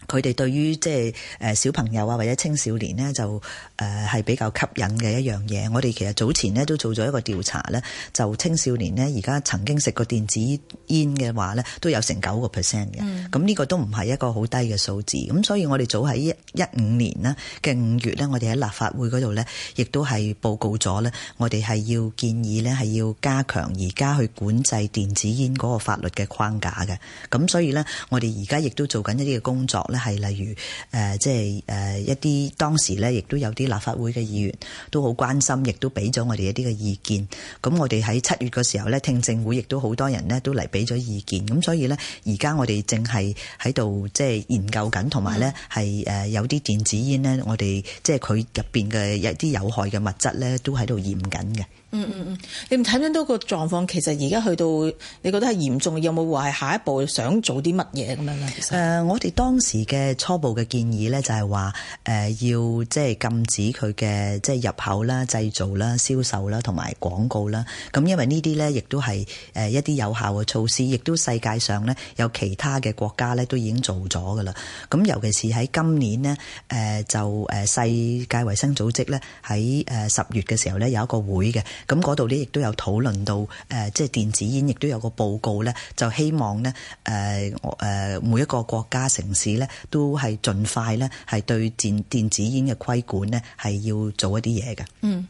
佢哋對於即係誒小朋友啊或者青少年咧，就誒係比較吸引嘅一樣嘢。我哋其實早前咧都做咗一個調查咧，就青少年咧而家曾經食過電子煙嘅話咧，都有成九個 percent 嘅。咁呢個都唔係一個好低嘅數字。咁所以我哋早喺一一五年咧嘅五月咧，我哋喺立法會度咧，亦都係報告咗咧，我哋係要建議咧係要加強而家去管制電子煙個法律嘅框架嘅。咁所以咧，我哋而家亦都做緊一啲嘅工作咧。係例如誒，即係誒，一啲當時咧，亦都有啲立法會嘅議員都好關心，亦都俾咗我哋一啲嘅意見。咁我哋喺七月嘅時候咧，聽證會亦都好多人咧都嚟俾咗意見。咁所以咧，而家我哋淨係喺度即係研究緊，同埋咧係誒有啲電子煙咧，我哋即係佢入邊嘅一啲有害嘅物質咧，都喺度驗緊嘅。嗯嗯嗯，你唔睇到個狀況？其實而家去到，你覺得係嚴重？有冇話下一步想做啲乜嘢咁樣咧？其實、呃、我哋當時嘅初步嘅建議咧，就係話誒要即係禁止佢嘅即係入口啦、製造啦、銷售啦同埋廣告啦。咁因為呢啲咧，亦都係誒一啲有效嘅措施，亦都世界上咧有其他嘅國家咧都已經做咗噶啦。咁尤其是喺今年呢，誒、呃、就誒世界衞生組織咧喺誒十月嘅時候咧有一個會嘅。咁嗰度呢，亦都有討論到，誒，即係電子煙亦都有個報告咧，就希望咧，誒誒，每一個國家城市咧，都係盡快咧，係對電電子煙嘅規管咧，係要做一啲嘢嘅。嗯。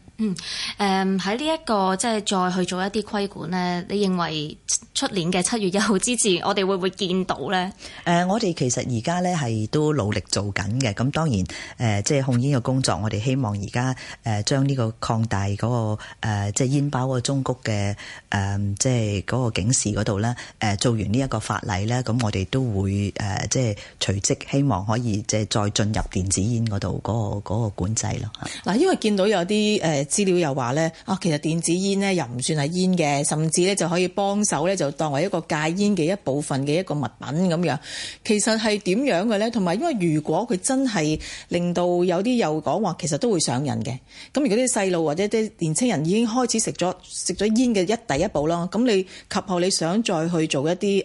嗯，誒喺呢一個即係再去做一啲規管咧，你認為出年嘅七月一號之前，我哋會唔會見到咧？誒、呃，我哋其實而家咧係都努力做緊嘅，咁當然誒、呃，即係控煙嘅工作，我哋希望而家誒將呢個擴大嗰、那個、呃、即係煙包嗰個忠告嘅誒、呃，即係嗰個警示嗰度咧，誒、呃、做完呢一個法例咧，咁我哋都會誒、呃、即係隨即希望可以即係再進入電子煙嗰度嗰個管制咯。嗱，因為見到有啲誒。呃資料又話咧啊，其實電子煙咧又唔算係煙嘅，甚至咧就可以幫手咧就當為一個戒煙嘅一部分嘅一個物品咁樣。其實係點樣嘅咧？同埋因為如果佢真係令到有啲又講話，其實都會上癮嘅。咁如果啲細路或者啲年青人已經開始食咗食咗煙嘅一第一步啦，咁你及後你想再去做一啲誒，譬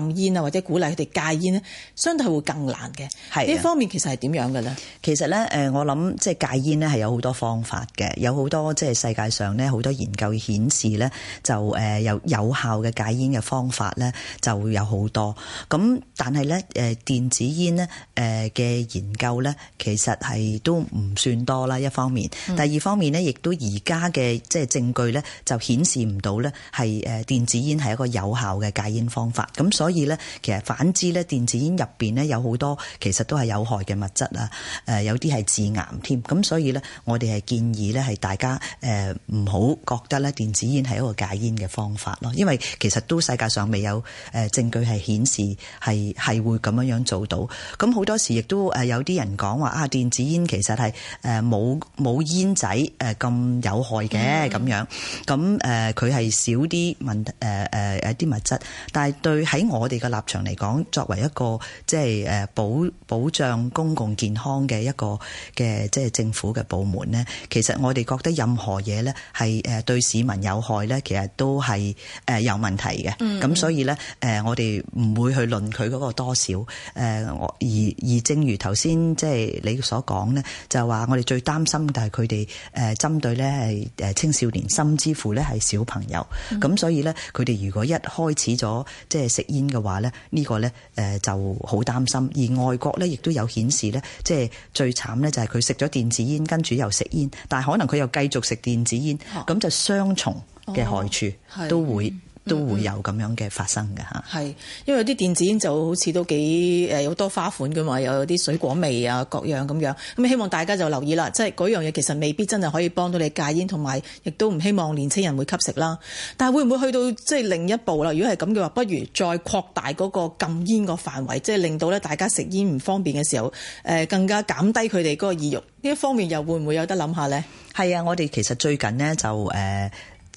如禁煙啊，或者鼓勵佢哋戒煙咧，相對係會更難嘅。係呢方面其實係點樣嘅咧？其實咧誒，我諗即係戒煙咧係有好多方法嘅，有。好多即係世界上咧，好多研究顯示咧，就誒有有效嘅戒煙嘅方法咧，就會有好多。咁但係咧，誒電子煙咧，誒嘅研究咧，其實係都唔算多啦。一方面，嗯、第二方面咧，亦都而家嘅即係證據咧，就顯示唔到咧係誒電子煙係一個有效嘅戒煙方法。咁所以咧，其實反之咧，電子煙入邊咧有好多其實都係有害嘅物質啊，誒有啲係致癌添。咁所以咧，我哋係建議咧係大。大家誒唔好覺得咧電子煙係一個戒煙嘅方法咯，因為其實都世界上未有誒證據係顯示係係會咁樣樣做到。咁好多時亦都誒有啲人講話啊，電子煙其實係誒冇冇煙仔誒咁有害嘅咁、嗯、樣，咁誒佢係少啲問誒誒誒啲物質，但係對喺我哋嘅立場嚟講作為一個即係誒保保障公共健康嘅一個嘅即係政府嘅部門咧，其實我哋覺得任何嘢咧係誒對市民有害咧，其實都係誒有問題嘅。咁、嗯嗯、所以咧誒，我哋唔會去論佢嗰個多少誒。而而正如頭先即係你所講咧，就係話我哋最擔心就係佢哋誒針對咧係誒青少年，甚至乎咧係小朋友。咁、嗯嗯、所以咧，佢哋如果一開始咗即係食煙嘅話咧，呢、呢個咧誒就好擔心。而外國咧亦都有顯示咧，即係最慘咧就係佢食咗電子煙，跟住又食煙，但係可能佢有，繼續食電子煙咁，哦，就雙重嘅害處都會。都會有咁樣嘅發生㗎。係因為啲電子煙就好似都幾、呃、有好多花款嘅嘛，有啲水果味啊各樣咁樣，咁、嗯、希望大家就留意啦，即係嗰樣嘢其實未必真係可以幫到你戒煙，同埋亦都唔希望年青人會吸食啦。但係會唔會去到即係另一步啦？如果係咁嘅話，不如再擴大嗰個禁煙個範圍，即係令到咧大家食煙唔方便嘅時候，呃、更加減低佢哋嗰個意欲，呢一方面又會唔會有得諗下呢？係啊，我哋其實最近呢就、呃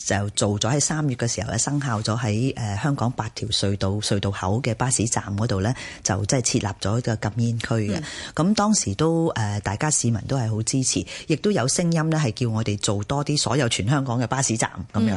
就做咗喺三月嘅時候咧生效咗喺誒香港八條隧道，隧道口嘅巴士站嗰度咧，就即係設立咗一個禁煙區嘅。咁、嗯、當時都誒、呃、大家市民都係好支持，亦都有聲音咧係叫我哋做多啲，所有全香港嘅巴士站咁樣。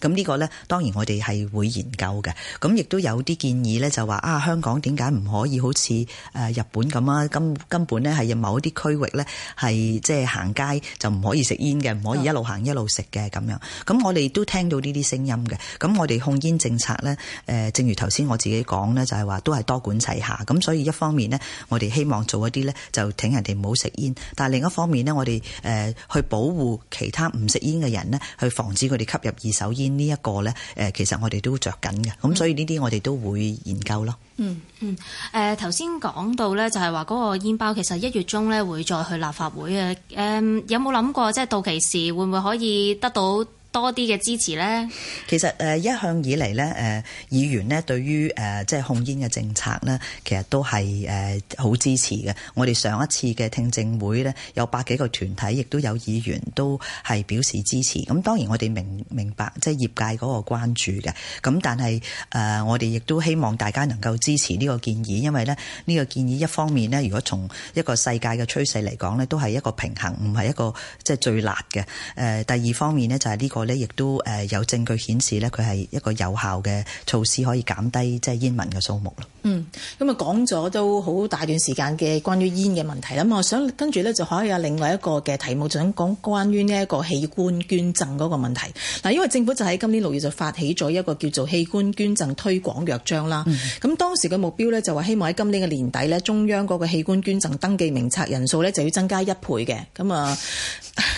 咁、嗯、呢個咧，當然我哋係會研究嘅。咁亦都有啲建議咧，就話啊，香港點解唔可以好似誒、呃、日本咁啊？根根本咧係某一啲區域咧係即係行街就唔可以食煙嘅，唔可以一路行一路食嘅咁樣。咁我哋亦都聽到呢啲聲音嘅咁，那我哋控煙政策呢，誒，正如頭先我自己講呢，就係、是、話都係多管齊下咁，所以一方面呢，我哋希望做一啲呢，就請人哋唔好食煙，但係另一方面呢，我哋誒去保護其他唔食煙嘅人呢，去防止佢哋吸入二手煙呢、這、一個呢，誒，其實我哋都着緊嘅咁，所以呢啲我哋都會研究咯。嗯嗯，誒頭先講到呢，就係話嗰個煙包其實一月中呢會再去立法會、嗯、有冇諗過即係到期時會唔會可以得到？多啲嘅支持咧，其實誒一向以嚟咧誒議員咧對於誒即係控煙嘅政策咧，其實都係誒好支持嘅。我哋上一次嘅聽證會咧，有百幾個團體亦都有議員都係表示支持。咁當然我哋明明白即係業界嗰個關注嘅，咁但係誒我哋亦都希望大家能夠支持呢個建議，因為咧呢個建議一方面咧，如果從一個世界嘅趨勢嚟講咧，都係一個平衡，唔係一個即係最辣嘅。誒第二方面咧就係呢個。亦都誒有證據顯示佢係一個有效嘅措施，可以減低即係煙民嘅數目咯。嗯，咁啊講咗都好大段時間嘅關於煙嘅問題啦。咁我想跟住呢，就可以有另外一個嘅題目，就想講關於呢一個器官捐贈嗰個問題。嗱，因為政府就喺今年六月就發起咗一個叫做器官捐贈推廣藥章啦。咁、嗯、當時嘅目標呢，就話希望喺今年嘅年底呢，中央嗰個器官捐贈登記名冊人數呢，就要增加一倍嘅。咁啊，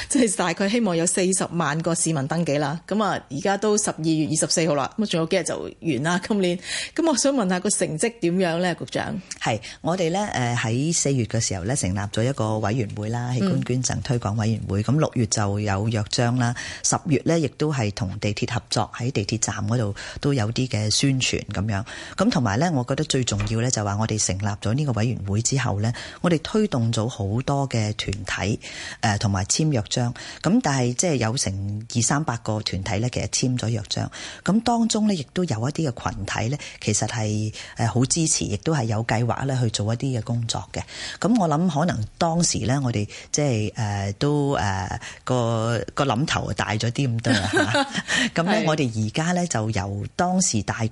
即係大概希望有四十萬個市民。啦，咁啊，而家都十二月二十四號啦，咁仲有幾日就完啦。今年，咁我想問下個成績點樣呢？局長？係我哋呢，誒喺四月嘅時候呢，成立咗一個委員會啦，器官捐贈推廣委員會。咁、嗯、六月就有約章啦，十月呢亦都係同地鐵合作喺地鐵站嗰度都有啲嘅宣傳咁樣。咁同埋呢，我覺得最重要呢，就話我哋成立咗呢個委員會之後呢，我哋推動咗好多嘅團體，誒同埋簽約章。咁但係即係有成二三。八個團體咧，其實簽咗約章，咁當中咧，亦都有一啲嘅群體咧，其實係誒好支持，亦都係有計劃咧去做一啲嘅工作嘅。咁我諗，可能當時咧、即係，呃、諗頭大咗啲 我哋即係誒都誒個個諗頭大咗啲咁多。咁咧，我哋而家咧就由當時大概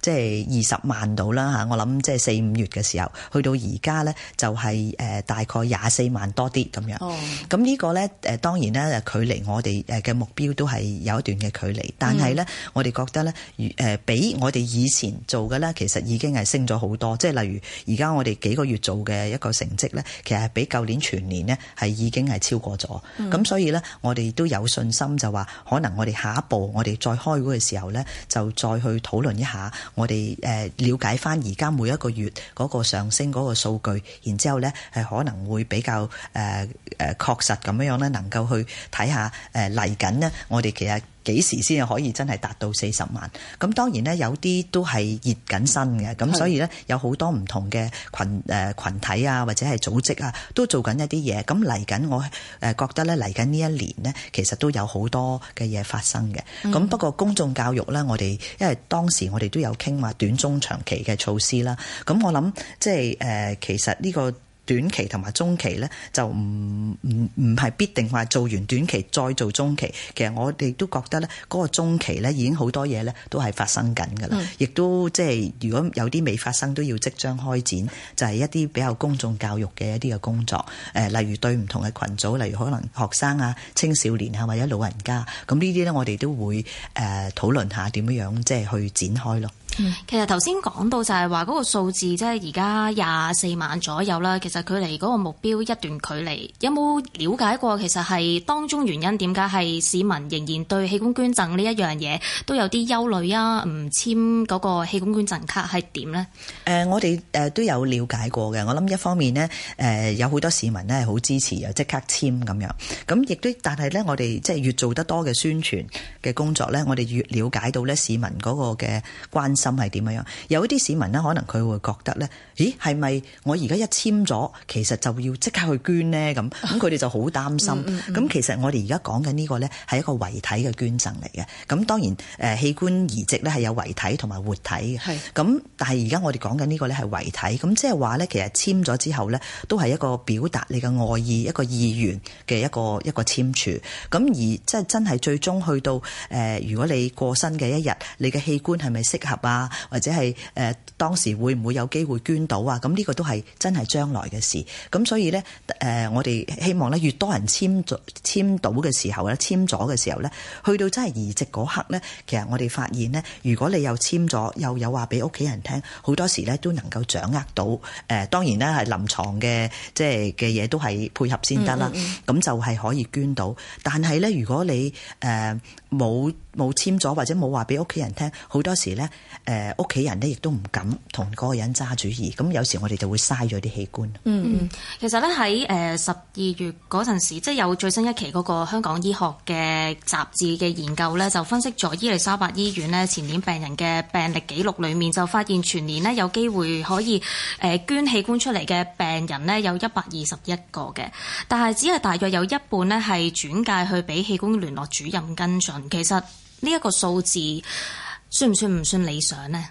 即係二十萬度啦吓，我諗即係四五月嘅時候，去到而家咧就係誒大概廿四萬多啲咁樣。哦，咁呢個咧誒，當然咧，距離我哋誒嘅目標都都係有一段嘅距離，但係呢，我哋覺得呢，誒、比我哋以前做嘅呢，其實已經係升咗好多。即係例如而家我哋幾個月做嘅一個成績呢，其實係比舊年全年呢，係已經係超過咗。咁、嗯、所以呢，我哋都有信心就話，可能我哋下一步我哋再開會嘅時候呢，就再去討論一下，我哋誒了解翻而家每一個月嗰個上升嗰個數據，然之後呢，係可能會比較誒、呃、確實咁樣樣呢，能夠去睇下誒嚟緊呢。我哋其實幾時先可以真係達到四十萬？咁當然呢，有啲都係熱緊身嘅，咁所以呢，有好多唔同嘅群誒羣體啊，或者係組織啊，都做緊一啲嘢。咁嚟緊，我誒覺得呢，嚟緊呢一年呢，其實都有好多嘅嘢發生嘅。咁、嗯、不過公眾教育呢，我哋因為當時我哋都有傾話短中長期嘅措施啦。咁我諗即係誒、呃，其實呢、呢個。短期同埋中期咧，就唔唔唔係必定話做完短期再做中期。其實我哋都覺得咧，嗰個中期咧已經好多嘢咧都係發生緊嘅啦。亦都即係如果有啲未發生，都要即將開展，就係、是、一啲比較公眾教育嘅一啲嘅工作。誒、呃，例如對唔同嘅群組，例如可能學生啊、青少年啊，或者老人家，咁呢啲咧，我哋都會誒討論下點樣樣，即係去展開咯。嗯、其實頭先講到就係話嗰個數字即係而家廿四萬左右啦，其實佢離嗰個目標一段距離。有冇了解過其實係當中原因點解係市民仍然對器官捐贈呢一樣嘢都有啲憂慮啊？唔簽嗰個器官捐贈卡係點呢？誒、呃，我哋誒都有了解過嘅。我諗一方面呢，誒、呃、有好多市民呢係好支持，又即刻簽咁樣。咁亦都但係呢，我哋即係越做得多嘅宣傳嘅工作呢，我哋越了解到呢市民嗰個嘅關心係點樣樣？有一啲市民呢，可能佢會覺得呢，咦，係咪我而家一簽咗，其實就要即刻去捐呢？咁咁，佢哋就好擔心。咁、 嗯嗯嗯、其實我哋而家講緊呢個呢，係一個遺體嘅捐贈嚟嘅。咁當然，誒，器官移植呢，係有遺體同埋活體嘅。咁，但係而家我哋講緊呢個呢，係遺體。咁即係話呢，其實簽咗之後呢，都係一個表達你嘅愛意、一個意願嘅一個 一個簽署。咁而即係真係最終去到誒、呃，如果你過身嘅一日，你嘅器官係咪適合啊？或者係誒、呃，當時會唔會有機會捐到啊？咁呢個都係真係將來嘅事。咁所以呢，誒、呃，我哋希望呢，越多人簽簽到嘅時候咧，簽咗嘅時候呢，去到真係移植嗰刻呢，其實我哋發現呢，如果你又簽咗，又有話俾屋企人聽，好多時呢都能夠掌握到。誒、呃，當然呢，係臨床嘅，即係嘅嘢都係配合先得啦。咁、嗯嗯、就係可以捐到，但係呢，如果你誒。呃冇冇簽咗或者冇話俾屋企人聽，好多時呢，誒屋企人呢亦都唔敢同嗰個人揸主意，咁有時我哋就會嘥咗啲器官。嗯嗯，其實呢，喺誒十二月嗰陣時，即係有最新一期嗰個香港醫學嘅雜誌嘅研究呢，就分析咗伊利沙伯醫院呢前年病人嘅病歷記錄裏面，就發現全年呢有機會可以誒捐器官出嚟嘅病人呢有一百二十一個嘅，但係只係大約有一半呢係轉介去俾器官聯絡主任跟進。其實呢一個數字算唔算唔算理想呢？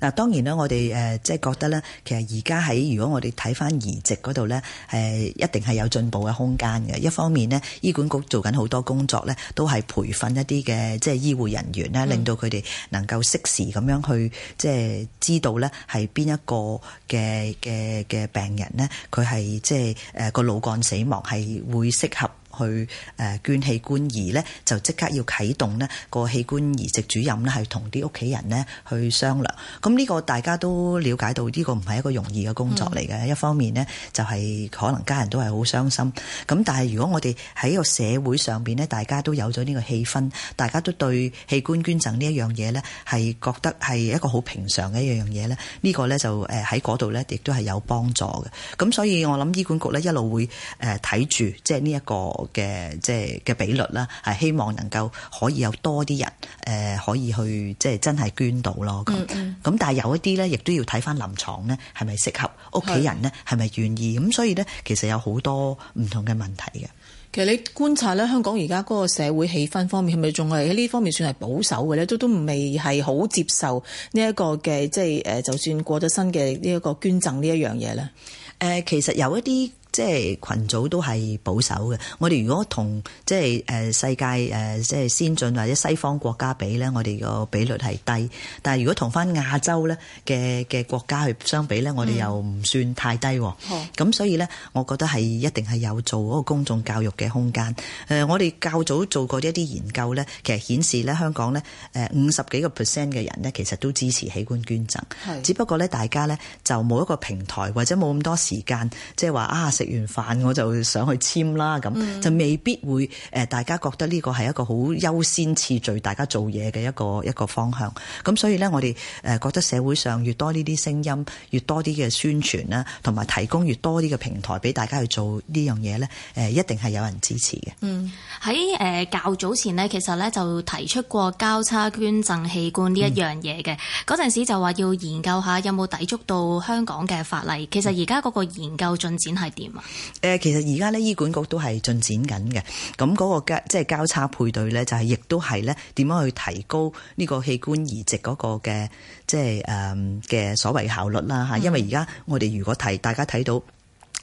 嗱，當然啦，我哋誒即係覺得咧，其實而家喺如果我哋睇翻移植嗰度咧，誒一定係有進步嘅空間嘅。一方面呢，醫管局做緊好多工作咧，都係培訓一啲嘅即係醫護人員咧、嗯，令到佢哋能夠適時咁樣去即係知道咧係邊一個嘅嘅嘅病人咧，佢係即係誒個腦幹死亡係會適合。去捐器官移呢，就即刻要啟動呢個器官移植主任呢，係同啲屋企人呢去商量。咁呢個大家都了解到，呢個唔係一個容易嘅工作嚟嘅。嗯。一方面呢、就係，就係可能家人都係好傷心。咁但係如果我哋喺個社會上邊呢，大家都有咗呢個氣氛，大家都對器官捐贈呢一樣嘢呢，係覺得係一個好平常嘅一樣嘢呢。呢、呢個呢，就誒喺嗰度呢，亦都係有幫助嘅。咁所以我諗醫管局呢，一路會誒睇住，即係呢一個。嘅即係嘅比率啦，係希望能夠可以有多啲人誒、呃，可以去即係真係捐到咯。咁、嗯、咁、嗯，但係有一啲咧，亦都要睇翻臨床咧，係咪適合屋企人咧，係咪願意？咁所以咧，其實有好多唔同嘅問題嘅。其實你觀察咧，香港而家嗰個社會氣氛方面，係咪仲係喺呢方面算係保守嘅咧？都都未係好接受呢、這、一個嘅，即係誒，就算過咗身嘅呢一個捐贈呢一樣嘢咧。誒、呃，其實有一啲。即係群組都係保守嘅。我哋如果同即係誒世界誒即係先進或者西方國家比咧，我哋個比率係低。但係如果同翻亞洲咧嘅嘅國家去相比咧，我哋又唔算太低。咁、嗯、所以咧，我覺得係一定係有做嗰個公眾教育嘅空間誒，我哋較早做過一啲研究咧，其實顯示咧香港咧誒五十幾個 percent 嘅人咧，其實都支持器官捐贈，係，只不過咧大家咧就冇一個平台或者冇咁多時間，即係話啊。食完飯我就上去簽啦，咁就未必會誒大家覺得呢個係一個好優先次序，大家做嘢嘅一個一個方向。咁所以呢，我哋誒覺得社會上越多呢啲聲音，越多啲嘅宣傳啦，同埋提供越多啲嘅平台俾大家去做呢樣嘢呢，誒一定係有人支持嘅。嗯，喺誒、呃、較早前呢，其實呢就提出過交叉捐贈器官呢一樣嘢嘅嗰陣時就話要研究下有冇抵觸到香港嘅法例。其實而家嗰個研究進展係點？誒，其實而家咧，醫管局都係進展緊嘅，咁、那、嗰個交即係交叉配對咧，就係亦都係咧點樣去提高呢個器官移植嗰個嘅即係誒嘅所謂效率啦吓，因為而家我哋如果睇大家睇到。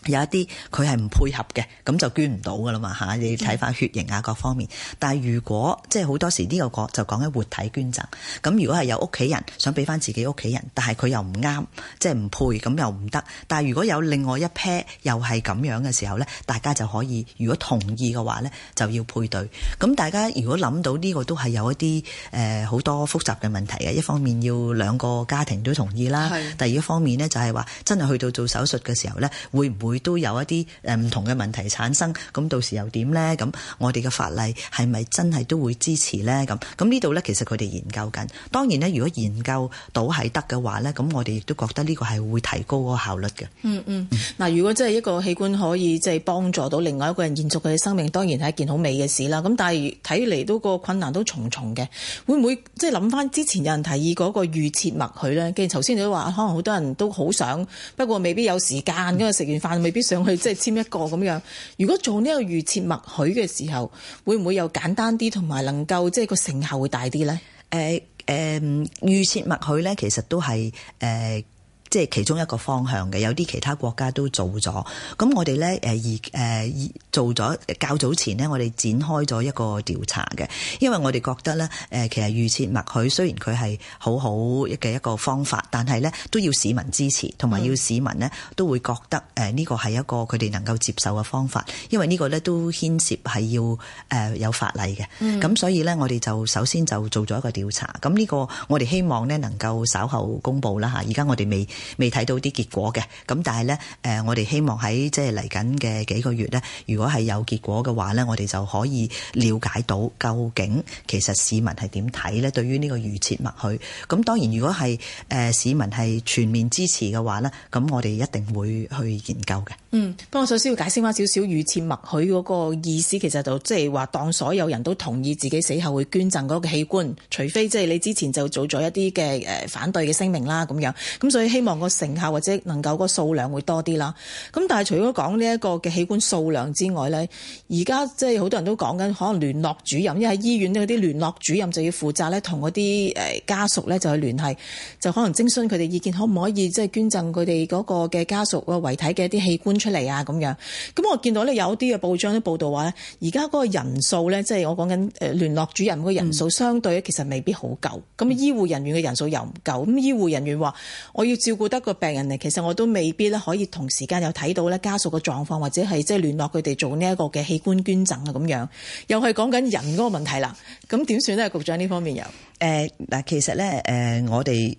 有一啲佢係唔配合嘅，咁就捐唔到噶啦嘛嚇！你睇翻血型啊各方面。但係如果即係好多時呢個角就講緊活體捐贈，咁如果係有屋企人想俾翻自己屋企人，但係佢又唔啱，即係唔配，咁又唔得。但係如果有另外一 pair 又係咁樣嘅時候咧，大家就可以如果同意嘅話咧，就要配對。咁大家如果諗到呢個都係有一啲誒好多複雜嘅問題嘅，一方面要兩個家庭都同意啦，第二一方面咧就係話真係去到做手術嘅時候咧，會唔會。會都有一啲誒唔同嘅問題產生，咁到時又點呢？咁我哋嘅法例係咪真係都會支持呢？咁咁呢度呢，其實佢哋研究緊。當然呢，如果研究到係得嘅話呢，咁我哋亦都覺得呢個係會提高嗰個效率嘅。嗯嗯。嗱、嗯，如果真係一個器官可以即係幫助到另外一個人延續佢嘅生命，當然係一件好美嘅事啦。咁但係睇嚟都個困難都重重嘅。會唔會即係諗翻之前有人提議嗰個預設默許呢？既然頭先你都話，可能好多人都好想，不過未必有時間，嗯、因為食完飯。未必上去即係簽一個咁樣。如果做呢個預設默許嘅時候，會唔會有簡單啲，同埋能夠即係個成效會大啲咧？誒、呃、誒，預、呃、設默許咧，其實都係誒。呃即係其中一個方向嘅，有啲其他國家都做咗。咁我哋咧而、呃、做咗較早前咧，我哋展開咗一個調查嘅。因為我哋覺得咧、呃、其實預設默許雖然佢係好好嘅一個方法，但係咧都要市民支持，同埋要市民咧都會覺得呢、呃呢個係一個佢哋能夠接受嘅方法。因為個呢個咧都牽涉係要、呃、有法例嘅。咁、嗯、所以咧，我哋就首先就做咗一個調查。咁呢個我哋希望咧能夠稍後公布啦嚇。而家我哋未、嗯。未睇到啲結果嘅，咁但係呢，誒，我哋希望喺即係嚟緊嘅幾個月呢，如果係有結果嘅話呢，我哋就可以了解到究竟其實市民係點睇呢，對於呢個預設默許。咁當然，如果係誒市民係全面支持嘅話呢，咁我哋一定會去研究嘅。嗯，不過首先要解釋返少少預設默許嗰個意思，其實就即係話當所有人都同意自己死後會捐贈嗰個器官，除非即係你之前就做咗一啲嘅反對嘅聲明啦咁樣。咁所以希望。希望個成效或者能夠個數量會多啲啦。咁但係除咗講呢一個嘅器官數量之外咧，而家即係好多人都講緊可能聯絡主任，因為喺醫院咧啲聯絡主任就要負責咧同嗰啲誒家屬咧就去聯繫，就可能徵詢佢哋意見，可唔可以即係捐贈佢哋嗰個嘅家屬個遺體嘅一啲器官出嚟啊？咁樣。咁我見到咧有啲嘅報章都報道話咧，而家嗰個人數咧，即係我講緊誒聯絡主任嗰個人數相對其實未必好夠。咁、嗯、醫護人員嘅人數又唔夠。咁醫護人員話我要照。顧得個病人嚟，其實我都未必咧可以同時間有睇到咧家屬嘅狀況，或者係即係聯絡佢哋做呢一個嘅器官捐贈啊咁樣，又係講緊人嗰個問題啦。咁點算咧，局長呢方面有？誒，嗱，其實咧，誒、呃，我哋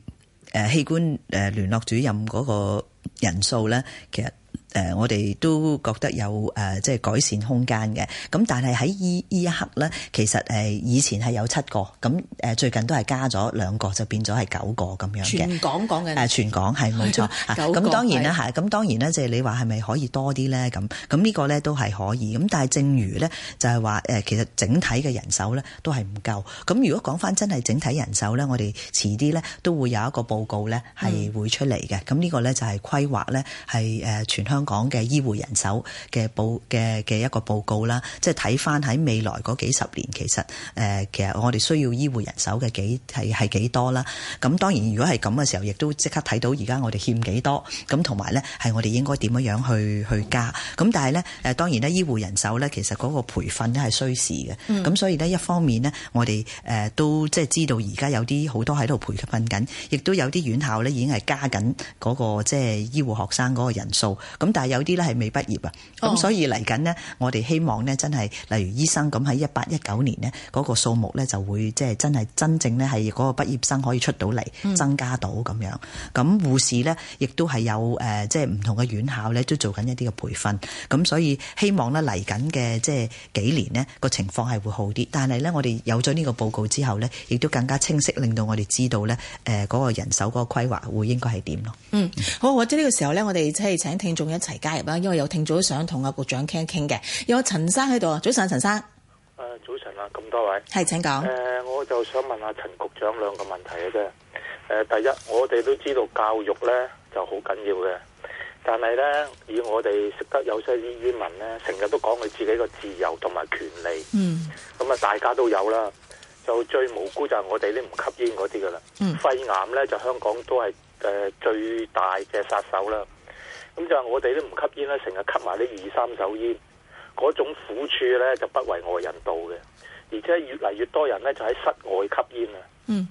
誒器官誒聯、呃、絡主任嗰個人數咧，其實。誒、呃，我哋都覺得有誒、呃，即係改善空間嘅。咁但係喺依依一刻咧，其實以前係有七個，咁最近都係加咗兩個，就變咗係九個咁樣嘅。全港講嘅全港係冇錯。咁、啊、當然啦，咁當然咧，即係你話係咪可以多啲咧？咁咁呢個咧都係可以。咁但係正如咧，就係、是、話其實整體嘅人手咧都係唔夠。咁如果講翻真係整體人手咧，我哋遲啲咧都會有一個報告咧係會出嚟嘅。咁、嗯這個、呢個咧就係、是、規劃咧係全香。香港嘅醫護人手嘅報嘅嘅一個報告啦，即係睇翻喺未來嗰幾十年，其實誒、呃、其實我哋需要醫護人手嘅幾係係幾多啦。咁、啊、當然如果係咁嘅時候，亦都即刻睇到而家我哋欠幾多，咁同埋咧係我哋應該點樣樣去去加。咁、啊、但係咧誒當然咧醫護人手咧，其實嗰個培訓咧係需時嘅。咁、嗯啊、所以咧一方面咧，我哋誒都即係知道而家有啲好多喺度培訓緊，亦都有啲院校咧已經係加緊嗰、那個即係、就是、醫護學生嗰個人數。咁。咁但係有啲咧係未畢業啊，咁、oh. 所以嚟緊咧，我哋希望咧真係，例如醫生咁喺一八一九年咧，嗰、那個數目咧就會即係真係真正咧係嗰個畢業生可以出到嚟、mm. 增加到咁樣。咁護士咧亦都係有誒、呃、即係唔同嘅院校咧都做緊一啲嘅培訓，咁所以希望咧嚟緊嘅即係幾年咧個情況係會好啲。但係咧，我哋有咗呢個報告之後咧，亦都更加清晰，令到我哋知道咧誒嗰個人手嗰個規劃會應該係係點咯。嗯、mm. mm.，好，或者呢個時候咧，我哋即係請聽眾。一齊加入啦，因為有聽早都想同阿局長傾一傾嘅。有阿陳生喺度啊，早晨，陳生。誒，早晨啊，咁多位係，請講。誒、呃，我就想問下陳局長兩個問題嘅啫。誒、呃，第一，我哋都知道教育咧就好緊要嘅，但係咧，以我哋識得有些煙民咧，成日都講佢自己個自由同埋權利。嗯。咁啊，大家都有啦，就最無辜就係我哋呢唔吸煙嗰啲噶啦。肺癌咧，就香港都係誒、呃、最大嘅殺手啦。咁就係我哋都唔吸煙啦，成日吸埋啲二三手煙，嗰種苦處咧就不為外人道嘅。而且越嚟越多人咧就喺室外吸煙啊！嗯，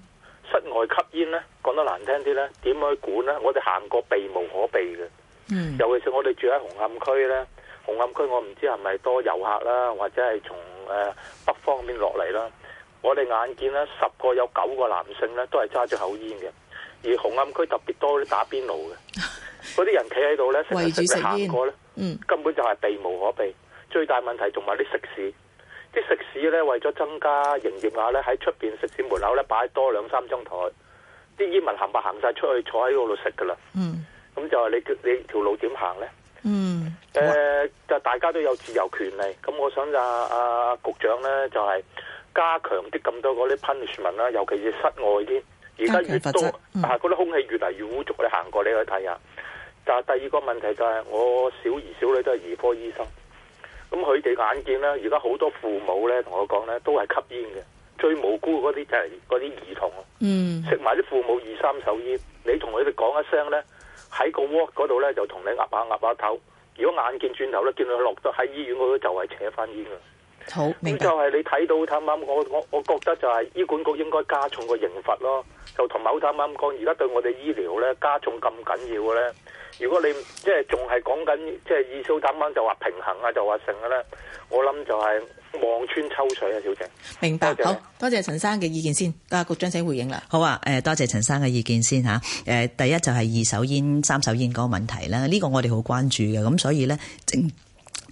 室外吸煙咧，講得難聽啲咧，點去管咧？我哋行過避無可避嘅。嗯，尤其是我哋住喺紅磡區咧，紅磡區我唔知係咪多遊客啦，或者係從、呃、北方嗰邊落嚟啦，我哋眼見咧，十個有九個男性咧都係揸住口煙嘅。而紅磡區特別多啲打邊爐嘅，嗰 啲人企喺度咧，甚至食煙行過咧，嗯，根本就係避無可避。嗯、最大問題仲係啲食肆，啲食肆咧為咗增加營業額咧，喺出邊食肆門口咧擺多兩三張台，啲煙民行埋行晒出去坐喺嗰度食噶啦，嗯，咁就係你你條路點行咧？嗯，誒、呃，就大家都有自由權利，咁我想就、啊、阿、啊、局長咧就係、是、加強啲咁多嗰啲 punishment 啦，尤其是室外啲。而家越多，係嗰啲空氣越嚟越污濁。你行過，你去睇下。但係第二個問題就係、是，我小兒小女都係兒科醫生，咁佢哋眼見咧，而家好多父母咧同我講咧，都係吸煙嘅。最無辜嗰啲就係嗰啲兒童，嗯，食埋啲父母二三手煙。嗯、你同佢哋講一聲咧，喺個窩嗰度咧就同你壓下壓下頭。如果眼見轉頭咧，見佢落得喺醫院嗰度就係扯翻煙。好，明就係、是、你睇到，睇啱我我我覺得就係醫管局應該加重個刑罰咯。就同某啲貪官，而家對我哋醫療咧加重咁緊要嘅咧。如果你即係仲係講緊即係二手貪官，就話平衡啊，就話成嘅咧。我諗就係望穿秋水啊，小姐。明白，嘅。好多謝陳生嘅意見先。阿局長先回應啦。好啊，誒、呃、多謝陳生嘅意見先嚇。誒、啊、第一就係二手煙、三手煙嗰個問題啦。呢、呢個我哋好關注嘅。咁所以咧正。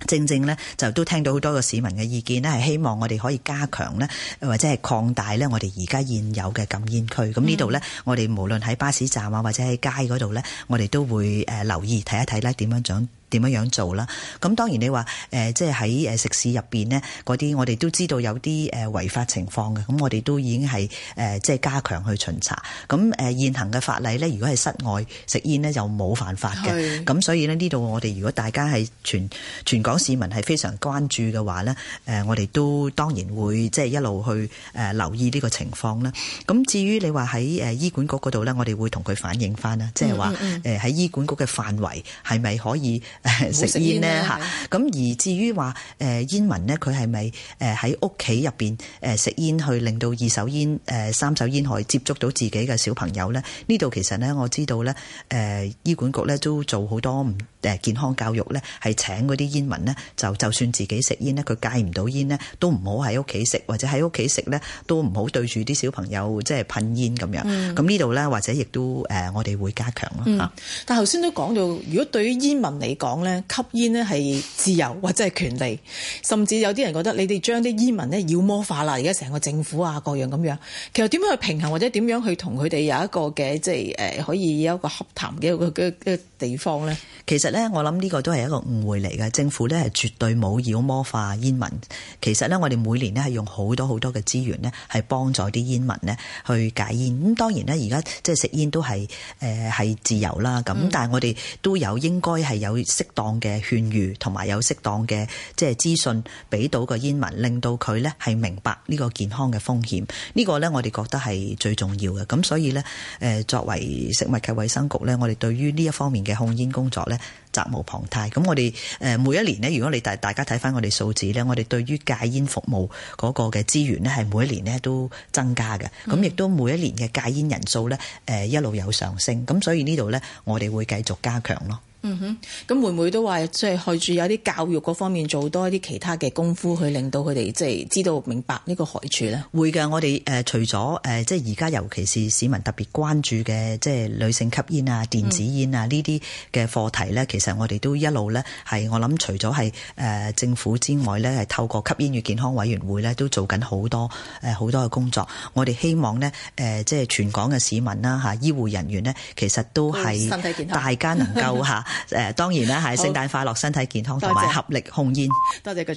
正正咧，就都聽到好多個市民嘅意見呢，係希望我哋可以加強呢，或者係擴大呢我哋而家現有嘅禁煙區。咁呢度呢，我哋無論喺巴士站啊，或者喺街嗰度呢，我哋都會誒留意睇一睇呢點樣樣。點樣樣做啦？咁當然你話誒、呃，即係喺誒食肆入邊呢嗰啲我哋都知道有啲誒違法情況嘅，咁我哋都已經係誒、呃、即係加強去巡查。咁誒、呃、現行嘅法例呢，如果係室外食煙呢，就冇犯法嘅。咁所以呢，呢度我哋如果大家係全全港市民係非常關注嘅話呢，誒、呃、我哋都當然會即係一路去誒、呃、留意呢個情況啦。咁至於你話喺誒醫管局嗰度呢，我哋會同佢反映返啦，即係話誒喺醫管局嘅範圍係咪可以食煙呢吓，咁而至於話誒煙民呢，佢係咪誒喺屋企入邊誒食煙，去令到二手煙誒三手煙可以接觸到自己嘅小朋友呢？呢度其實呢，我知道呢，誒醫管局呢都做好多誒健康教育呢，係請嗰啲煙民呢，就就算自己食煙呢，佢戒唔到煙呢，都唔好喺屋企食，或者喺屋企食呢，都唔好對住啲小朋友即係噴煙咁、嗯、樣。咁呢度呢，或者亦都誒我哋會加強咯、嗯、但係頭先都講到，如果對於煙民嚟講，講咧吸煙咧係自由，或者係權利，甚至有啲人覺得你哋將啲煙民咧妖魔化啦，而家成個政府啊各樣咁樣。其實點樣去平衡，或者點樣去同佢哋有一個嘅即係誒、呃、可以有一個洽談個個個地方咧？其實咧我諗呢個都係一個誤會嚟嘅，政府咧係絕對冇妖魔化煙民。其實咧我哋每年咧係用好多好多嘅資源咧係幫助啲煙民咧去戒煙。咁當然咧而家即係食煙都係誒係自由啦，咁、嗯、但係我哋都有應該係有。適當嘅勸喻同埋有適當嘅即係資訊俾到個煙民，令到佢咧係明白呢個健康嘅風險。呢、這個咧我哋覺得係最重要嘅。咁所以呢，誒作為食物及衞生局呢，我哋對於呢一方面嘅控煙工作呢，責無旁貸。咁我哋誒每一年呢，如果你大大家睇返我哋數字呢，我哋對於戒煙服務嗰個嘅資源呢，係每一年呢都增加嘅。咁、嗯、亦都每一年嘅戒煙人數呢，誒一路有上升。咁所以呢度呢，我哋會繼續加強咯。嗯哼，咁會唔會都話，即係去住有啲教育嗰方面做多一啲其他嘅功夫，去令到佢哋即係知道明白呢個害處咧？會㗎，我哋誒除咗誒即係而家尤其是市民特別關注嘅即係女性吸煙啊、電子煙啊呢啲嘅課題咧、嗯，其實我哋都一路咧係我諗除咗係誒政府之外咧，係透過吸煙與健康委員會咧都做緊好多誒好多嘅工作。我哋希望咧誒即係全港嘅市民啦吓醫護人員咧，其實都係身體健康，大家能夠吓。誒當然啦，係聖誕快樂，身體健康，同埋合力控煙，多謝各位。